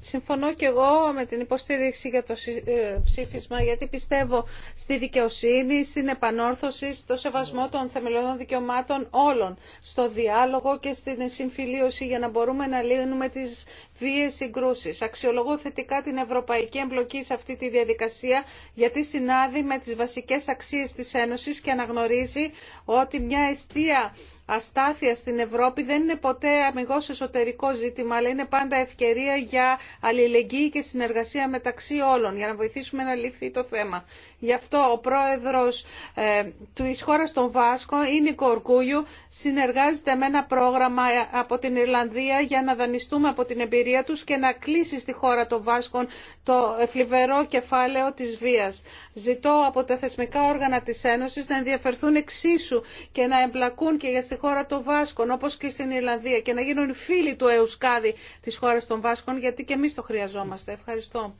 Συμφωνώ και εγώ με την υποστήριξη για το ε, ψήφισμα γιατί πιστεύω στη δικαιοσύνη, στην επανόρθωση, στο σεβασμό των θεμελιωδών δικαιωμάτων όλων, στο διάλογο και στην συμφιλίωση για να μπορούμε να λύνουμε τις βίες συγκρούσεις. Αξιολογώ θετικά την ευρωπαϊκή εμπλοκή σε αυτή τη διαδικασία γιατί συνάδει με τις βασικές αξίες της Ένωσης και αναγνωρίζει ότι μια αιστεία αστάθεια στην Ευρώπη δεν είναι ποτέ αμυγό εσωτερικό ζήτημα, αλλά είναι πάντα ευκαιρία για αλληλεγγύη και συνεργασία μεταξύ όλων, για να βοηθήσουμε να λυθεί το θέμα. Γι' αυτό ο πρόεδρο ε, της χώρας των Βάσκων, η Νίκο Ορκούλιου, συνεργάζεται με ένα πρόγραμμα ε, από την Ιρλανδία για να δανειστούμε από την εμπειρία του και να κλείσει στη χώρα των Βάσκων το θλιβερό κεφάλαιο τη βία. Ζητώ από τα θεσμικά όργανα τη Ένωση να ενδιαφερθούν εξίσου και να εμπλακούν και για στη χώρα των Βάσκων όπως και στην Ιρλανδία και να γίνουν φίλοι του Εουσκάδη της χώρας των Βάσκων γιατί και εμεί το χρειαζόμαστε. Ευχαριστώ.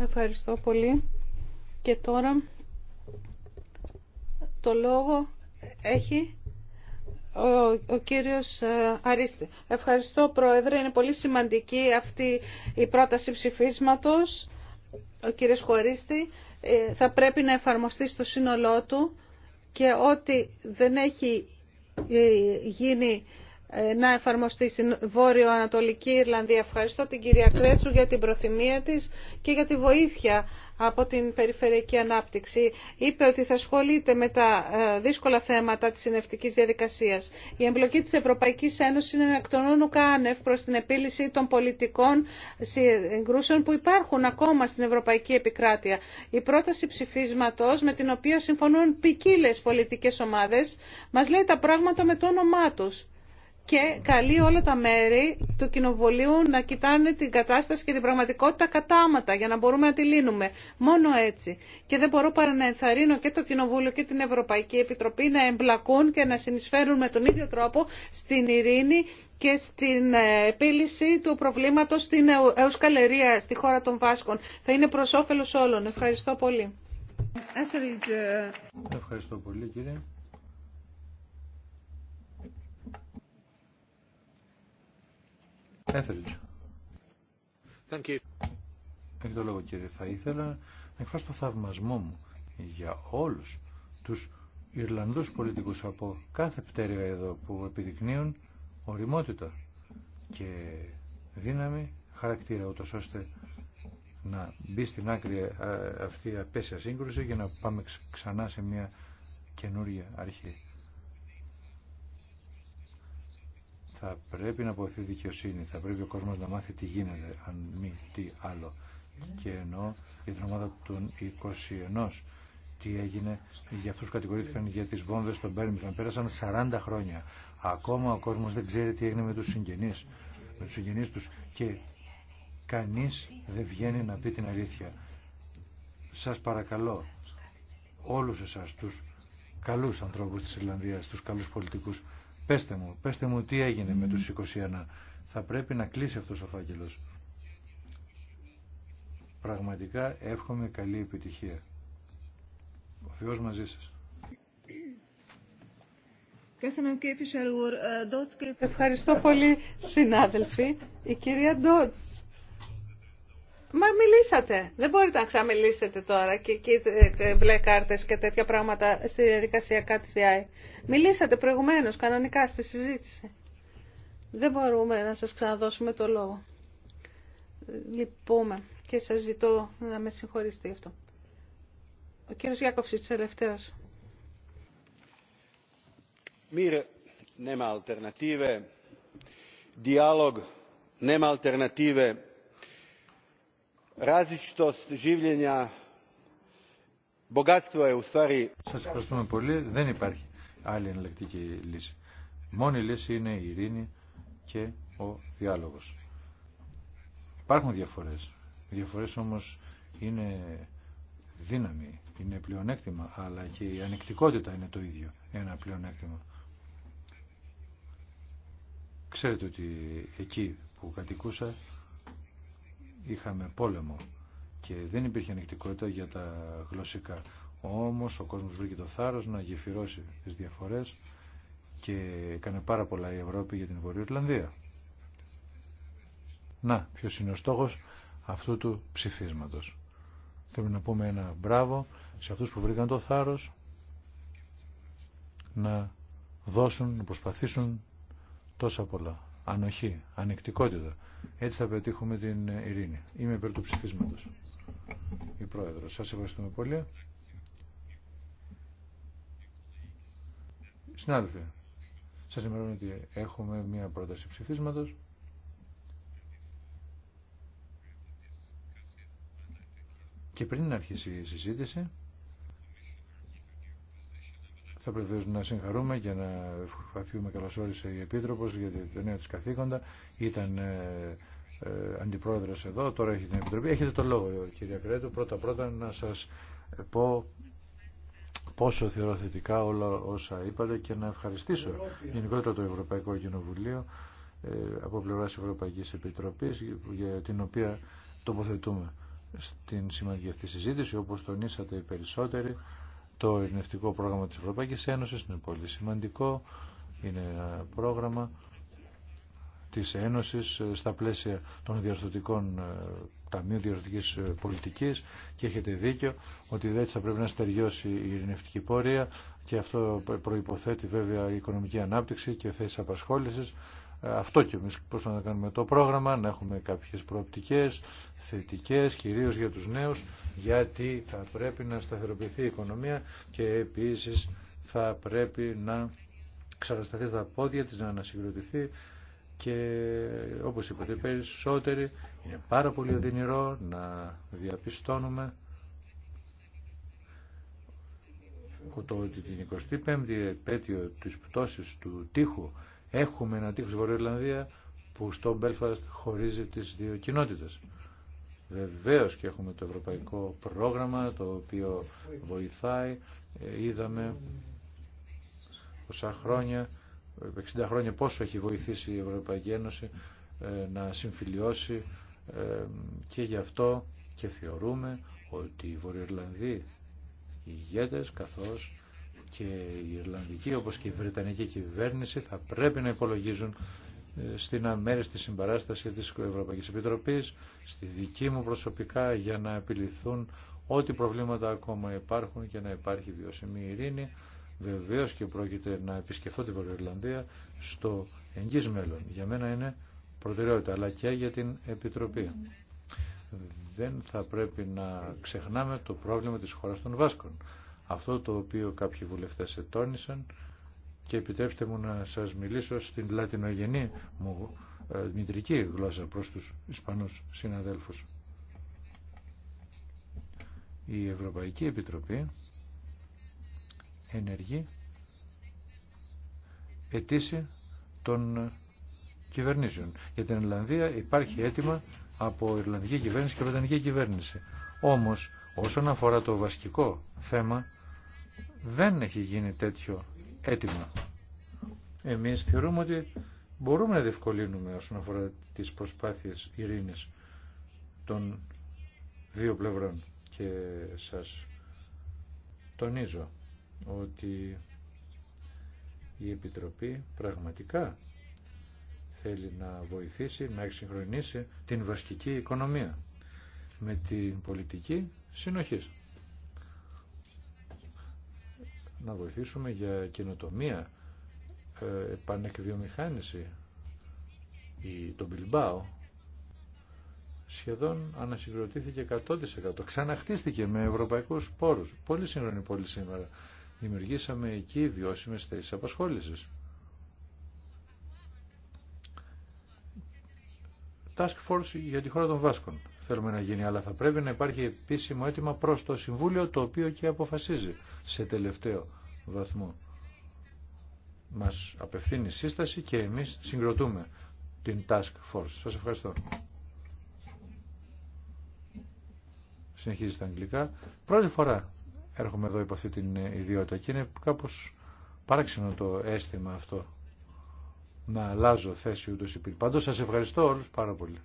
Ευχαριστώ πολύ. Και τώρα το λόγο έχει ο, ο κύριος ε, Αρίστη. Ευχαριστώ Πρόεδρε. Είναι πολύ σημαντική αυτή η πρόταση ψηφίσματος. Ο κύριος Χωρίστη ε, θα πρέπει να εφαρμοστεί στο σύνολό του και ό,τι δεν έχει ε, γίνει ε, να εφαρμοστεί στην Βόρειο-Ανατολική Ιρλανδία. Ευχαριστώ την κυρία Κρέτσου για την προθυμία της και για τη βοήθεια από την Περιφερειακή Ανάπτυξη. Είπε ότι θα ασχολείται με τα ε, δύσκολα θέματα της συνευτικής διαδικασίας. Η εμπλοκή της Ευρωπαϊκής Ένωσης είναι εκ των όνων κάνευ προς την επίλυση των πολιτικών συγκρούσεων που υπάρχουν ακόμα στην Ευρωπαϊκή Επικράτεια. Η πρόταση ψηφίσματος με την οποία συμφωνούν ποικίλε πολιτικές ομάδες μας λέει τα πράγματα με το όνομά τους και καλεί όλα τα μέρη του Κοινοβουλίου να κοιτάνε την κατάσταση και την πραγματικότητα κατάματα για να μπορούμε να τη λύνουμε. Μόνο έτσι. Και δεν μπορώ παρά να ενθαρρύνω και το Κοινοβούλιο και την Ευρωπαϊκή Επιτροπή να εμπλακούν και να συνεισφέρουν με τον ίδιο τρόπο στην ειρήνη και στην ε, επίλυση του προβλήματος στην εουσκαλερία, στη χώρα των Βάσκων. Θα είναι προς όφελος όλων. Ευχαριστώ πολύ. Έθελες. Thank you. λόγο κύριε. Θα ήθελα να εκφράσω το θαυμασμό μου για όλους τους Ιρλανδούς πολιτικούς από κάθε πτέρυγα εδώ που επιδεικνύουν οριμότητα και δύναμη χαρακτήρα ούτως ώστε να μπει στην άκρη ε, αυτή η απέσια σύγκρουση για να πάμε ξανά σε μια καινούργια αρχή. θα πρέπει να αποθεί δικαιοσύνη, θα πρέπει ο κόσμος να μάθει τι γίνεται, αν μη τι άλλο. Και ενώ για την ομάδα των 21, τι έγινε, για αυτούς κατηγορήθηκαν για τις βόμβες στον Πέρμιγκαν, πέρασαν 40 χρόνια. Ακόμα ο κόσμος δεν ξέρει τι έγινε με τους συγγενείς, με τους συγγενείς τους και κανείς δεν βγαίνει να πει την αλήθεια. Σας παρακαλώ, όλους εσάς τους καλούς ανθρώπους της Ιρλανδίας, τους καλούς πολιτικούς, Πέστε μου, πέστε μου τι έγινε με τους 21. Θα πρέπει να κλείσει αυτός ο φάκελος. Πραγματικά εύχομαι καλή επιτυχία. Ο Θεός μαζί σας. Ευχαριστώ πολύ συνάδελφοι. Η κυρία Ντότς. Μα μιλήσατε. Δεν μπορείτε να ξαμιλήσετε τώρα και ε, μπλε κάρτε και τέτοια πράγματα στη διαδικασία κάτι Μιλήσατε προηγουμένω κανονικά στη συζήτηση. Δεν μπορούμε να σας ξαναδώσουμε το λόγο. Λυπούμε και σας ζητώ να με συγχωρήσετε γι' αυτό. Ο κύριος Γιάκοψης, τελευταίος. Μύρε, νέμα αλτερνατίβε, αλτερνατίβε, različitost življenja ευχαριστούμε πολύ. Δεν υπάρχει άλλη εναλλακτική λύση. Μόνη λύση είναι η ειρήνη και ο διάλογος. Υπάρχουν διαφορές. Οι διαφορές όμως είναι δύναμη, είναι πλεονέκτημα, αλλά και η ανεκτικότητα είναι το ίδιο ένα πλεονέκτημα. Ξέρετε ότι εκεί που κατοικούσα είχαμε πόλεμο και δεν υπήρχε ανοιχτικότητα για τα γλωσσικά. Όμως ο κόσμος βρήκε το θάρρος να γεφυρώσει τις διαφορές και έκανε πάρα πολλά η Ευρώπη για την Βορειο Να, ποιος είναι ο αυτού του ψηφίσματος. Θέλουμε να πούμε ένα μπράβο σε αυτούς που βρήκαν το θάρρος να δώσουν, να προσπαθήσουν τόσα πολλά ανοχή, ανεκτικότητα. Έτσι θα πετύχουμε την ειρήνη. Είμαι υπέρ του ψηφίσματος. Η Πρόεδρος. Σας ευχαριστούμε πολύ. Συνάδελφοι, σας ενημερώνω ότι έχουμε μία πρόταση ψηφίσματος. Και πριν αρχίσει η συζήτηση, θα πρέπει να συγχαρούμε και να ευχαριστούμε καλώς όρισε η Επίτροπος για το νέο της καθήκοντα. Ήταν ε, ε, αντιπρόεδρος εδώ, τώρα έχει την Επιτροπή. Έχετε το λόγο κυρία Κρέτου. Πρώτα πρώτα να σας πω πόσο θεωρώ θετικά όλα όσα είπατε και να ευχαριστήσω γενικότερα το Ευρωπαϊκό Κοινοβουλίο ε, από πλευράς Ευρωπαϊκής Επιτροπής για την οποία τοποθετούμε στην σημαντική αυτή συζήτηση όπως τονίσατε οι περισσότεροι το ειρηνευτικό πρόγραμμα της Ευρωπαϊκής Ένωσης είναι πολύ σημαντικό. Είναι ένα πρόγραμμα της Ένωσης ε, στα πλαίσια των διαρθωτικών ε, ταμείων διαρθωτικής ε, πολιτικής και έχετε δίκιο ότι δεν θα πρέπει να στεριώσει η ειρηνευτική πορεία και αυτό προϋποθέτει βέβαια η οικονομική ανάπτυξη και θέσεις απασχόλησης αυτό και εμείς προσπαθούμε να κάνουμε το πρόγραμμα, να έχουμε κάποιες προοπτικές, θετικές, κυρίως για τους νέους, γιατί θα πρέπει να σταθεροποιηθεί η οικονομία και επίσης θα πρέπει να ξανασταθεί στα πόδια της, να ανασυγκροτηθεί και όπως είπατε περισσότεροι είναι πάρα πολύ οδυνηρό να διαπιστώνουμε ότι την 25η επέτειο της πτώσης του τείχου Έχουμε ένα τείχος Βορειοϊρλανδία που στο Μπέλφαστ χωρίζει τις δύο κοινότητες. Βεβαίω και έχουμε το ευρωπαϊκό πρόγραμμα το οποίο βοηθάει. Ε, είδαμε πόσα χρόνια, 60 χρόνια πόσο έχει βοηθήσει η Ευρωπαϊκή Ένωση ε, να συμφιλιώσει ε, και γι' αυτό και θεωρούμε ότι οι Βορειοϊρλανδοί ηγέτες καθώς και η Ιρλανδική όπως και η Βρετανική κυβέρνηση θα πρέπει να υπολογίζουν ε, στην αμέριστη συμπαράσταση της Ευρωπαϊκής Επιτροπής, στη δική μου προσωπικά για να επιληθούν ό,τι προβλήματα ακόμα υπάρχουν και να υπάρχει βιώσιμη ειρήνη. Βεβαίω και πρόκειται να επισκεφθώ τη Βορειοϊρλανδία στο εγγύς μέλλον. Για μένα είναι προτεραιότητα, αλλά και για την Επιτροπή. Δεν θα πρέπει να ξεχνάμε το πρόβλημα της χώρας των Βάσκων αυτό το οποίο κάποιοι βουλευτές ετώνησαν και επιτρέψτε μου να σας μιλήσω στην λατινογενή μου ε, μητρική γλώσσα προς τους Ισπανούς συναδέλφους. Η Ευρωπαϊκή Επιτροπή ενεργεί αιτήσει των κυβερνήσεων. Για την Ιρλανδία υπάρχει αίτημα από Ιρλανδική κυβέρνηση και Βρετανική κυβέρνηση. Όμως, όσον αφορά το βασικό θέμα, δεν έχει γίνει τέτοιο έτοιμο. Εμείς θεωρούμε ότι μπορούμε να διευκολύνουμε όσον αφορά τις προσπάθειες ειρήνης των δύο πλευρών και σας τονίζω ότι η Επιτροπή πραγματικά θέλει να βοηθήσει, να εξυγχρονίσει την βασική οικονομία με την πολιτική συνοχής να βοηθήσουμε για καινοτομία, ή ε, Το Μπιλμπάο σχεδόν ανασυγκροτήθηκε 100%. Ξαναχτίστηκε με ευρωπαϊκούς πόρους. Πολύ σύγχρονη πόλη σήμερα. Δημιουργήσαμε εκεί βιώσιμες θέσεις απασχόλησης. Task Force για τη χώρα των Βάσκων θέλουμε να γίνει, αλλά θα πρέπει να υπάρχει επίσημο αίτημα προς το Συμβούλιο, το οποίο και αποφασίζει σε τελευταίο Μα Μας απευθύνει σύσταση και εμείς συγκροτούμε την Task Force. Σας ευχαριστώ. Συνεχίζει στα αγγλικά. Πρώτη φορά έρχομαι εδώ υπό αυτή την ε, ιδιότητα και είναι κάπως παράξενο το αίσθημα αυτό να αλλάζω θέση ούτως υπήρ. Πάντως σας ευχαριστώ όλους πάρα πολύ.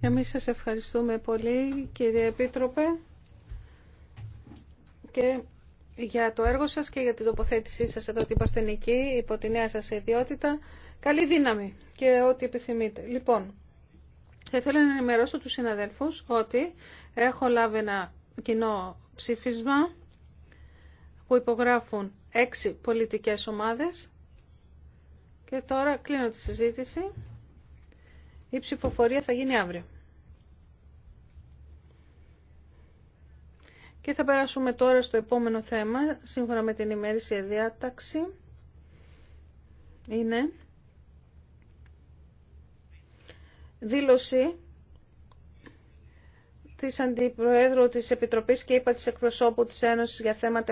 Εμείς σας ευχαριστούμε πολύ κύριε Επίτροπε και για το έργο σας και για την τοποθέτησή σας εδώ την Παρθενική υπό τη νέα σας ιδιότητα. Καλή δύναμη και ό,τι επιθυμείτε. Λοιπόν, θα ήθελα να ενημερώσω τους συναδέλφους ότι έχω λάβει ένα κοινό ψήφισμα που υπογράφουν έξι πολιτικές ομάδες και τώρα κλείνω τη συζήτηση. Η ψηφοφορία θα γίνει αύριο. Και θα περάσουμε τώρα στο επόμενο θέμα, σύμφωνα με την ημέρησια διάταξη. Είναι δήλωση της Αντιπροέδρου της Επιτροπής και είπα της εκπροσώπου της Ένωσης για θέματα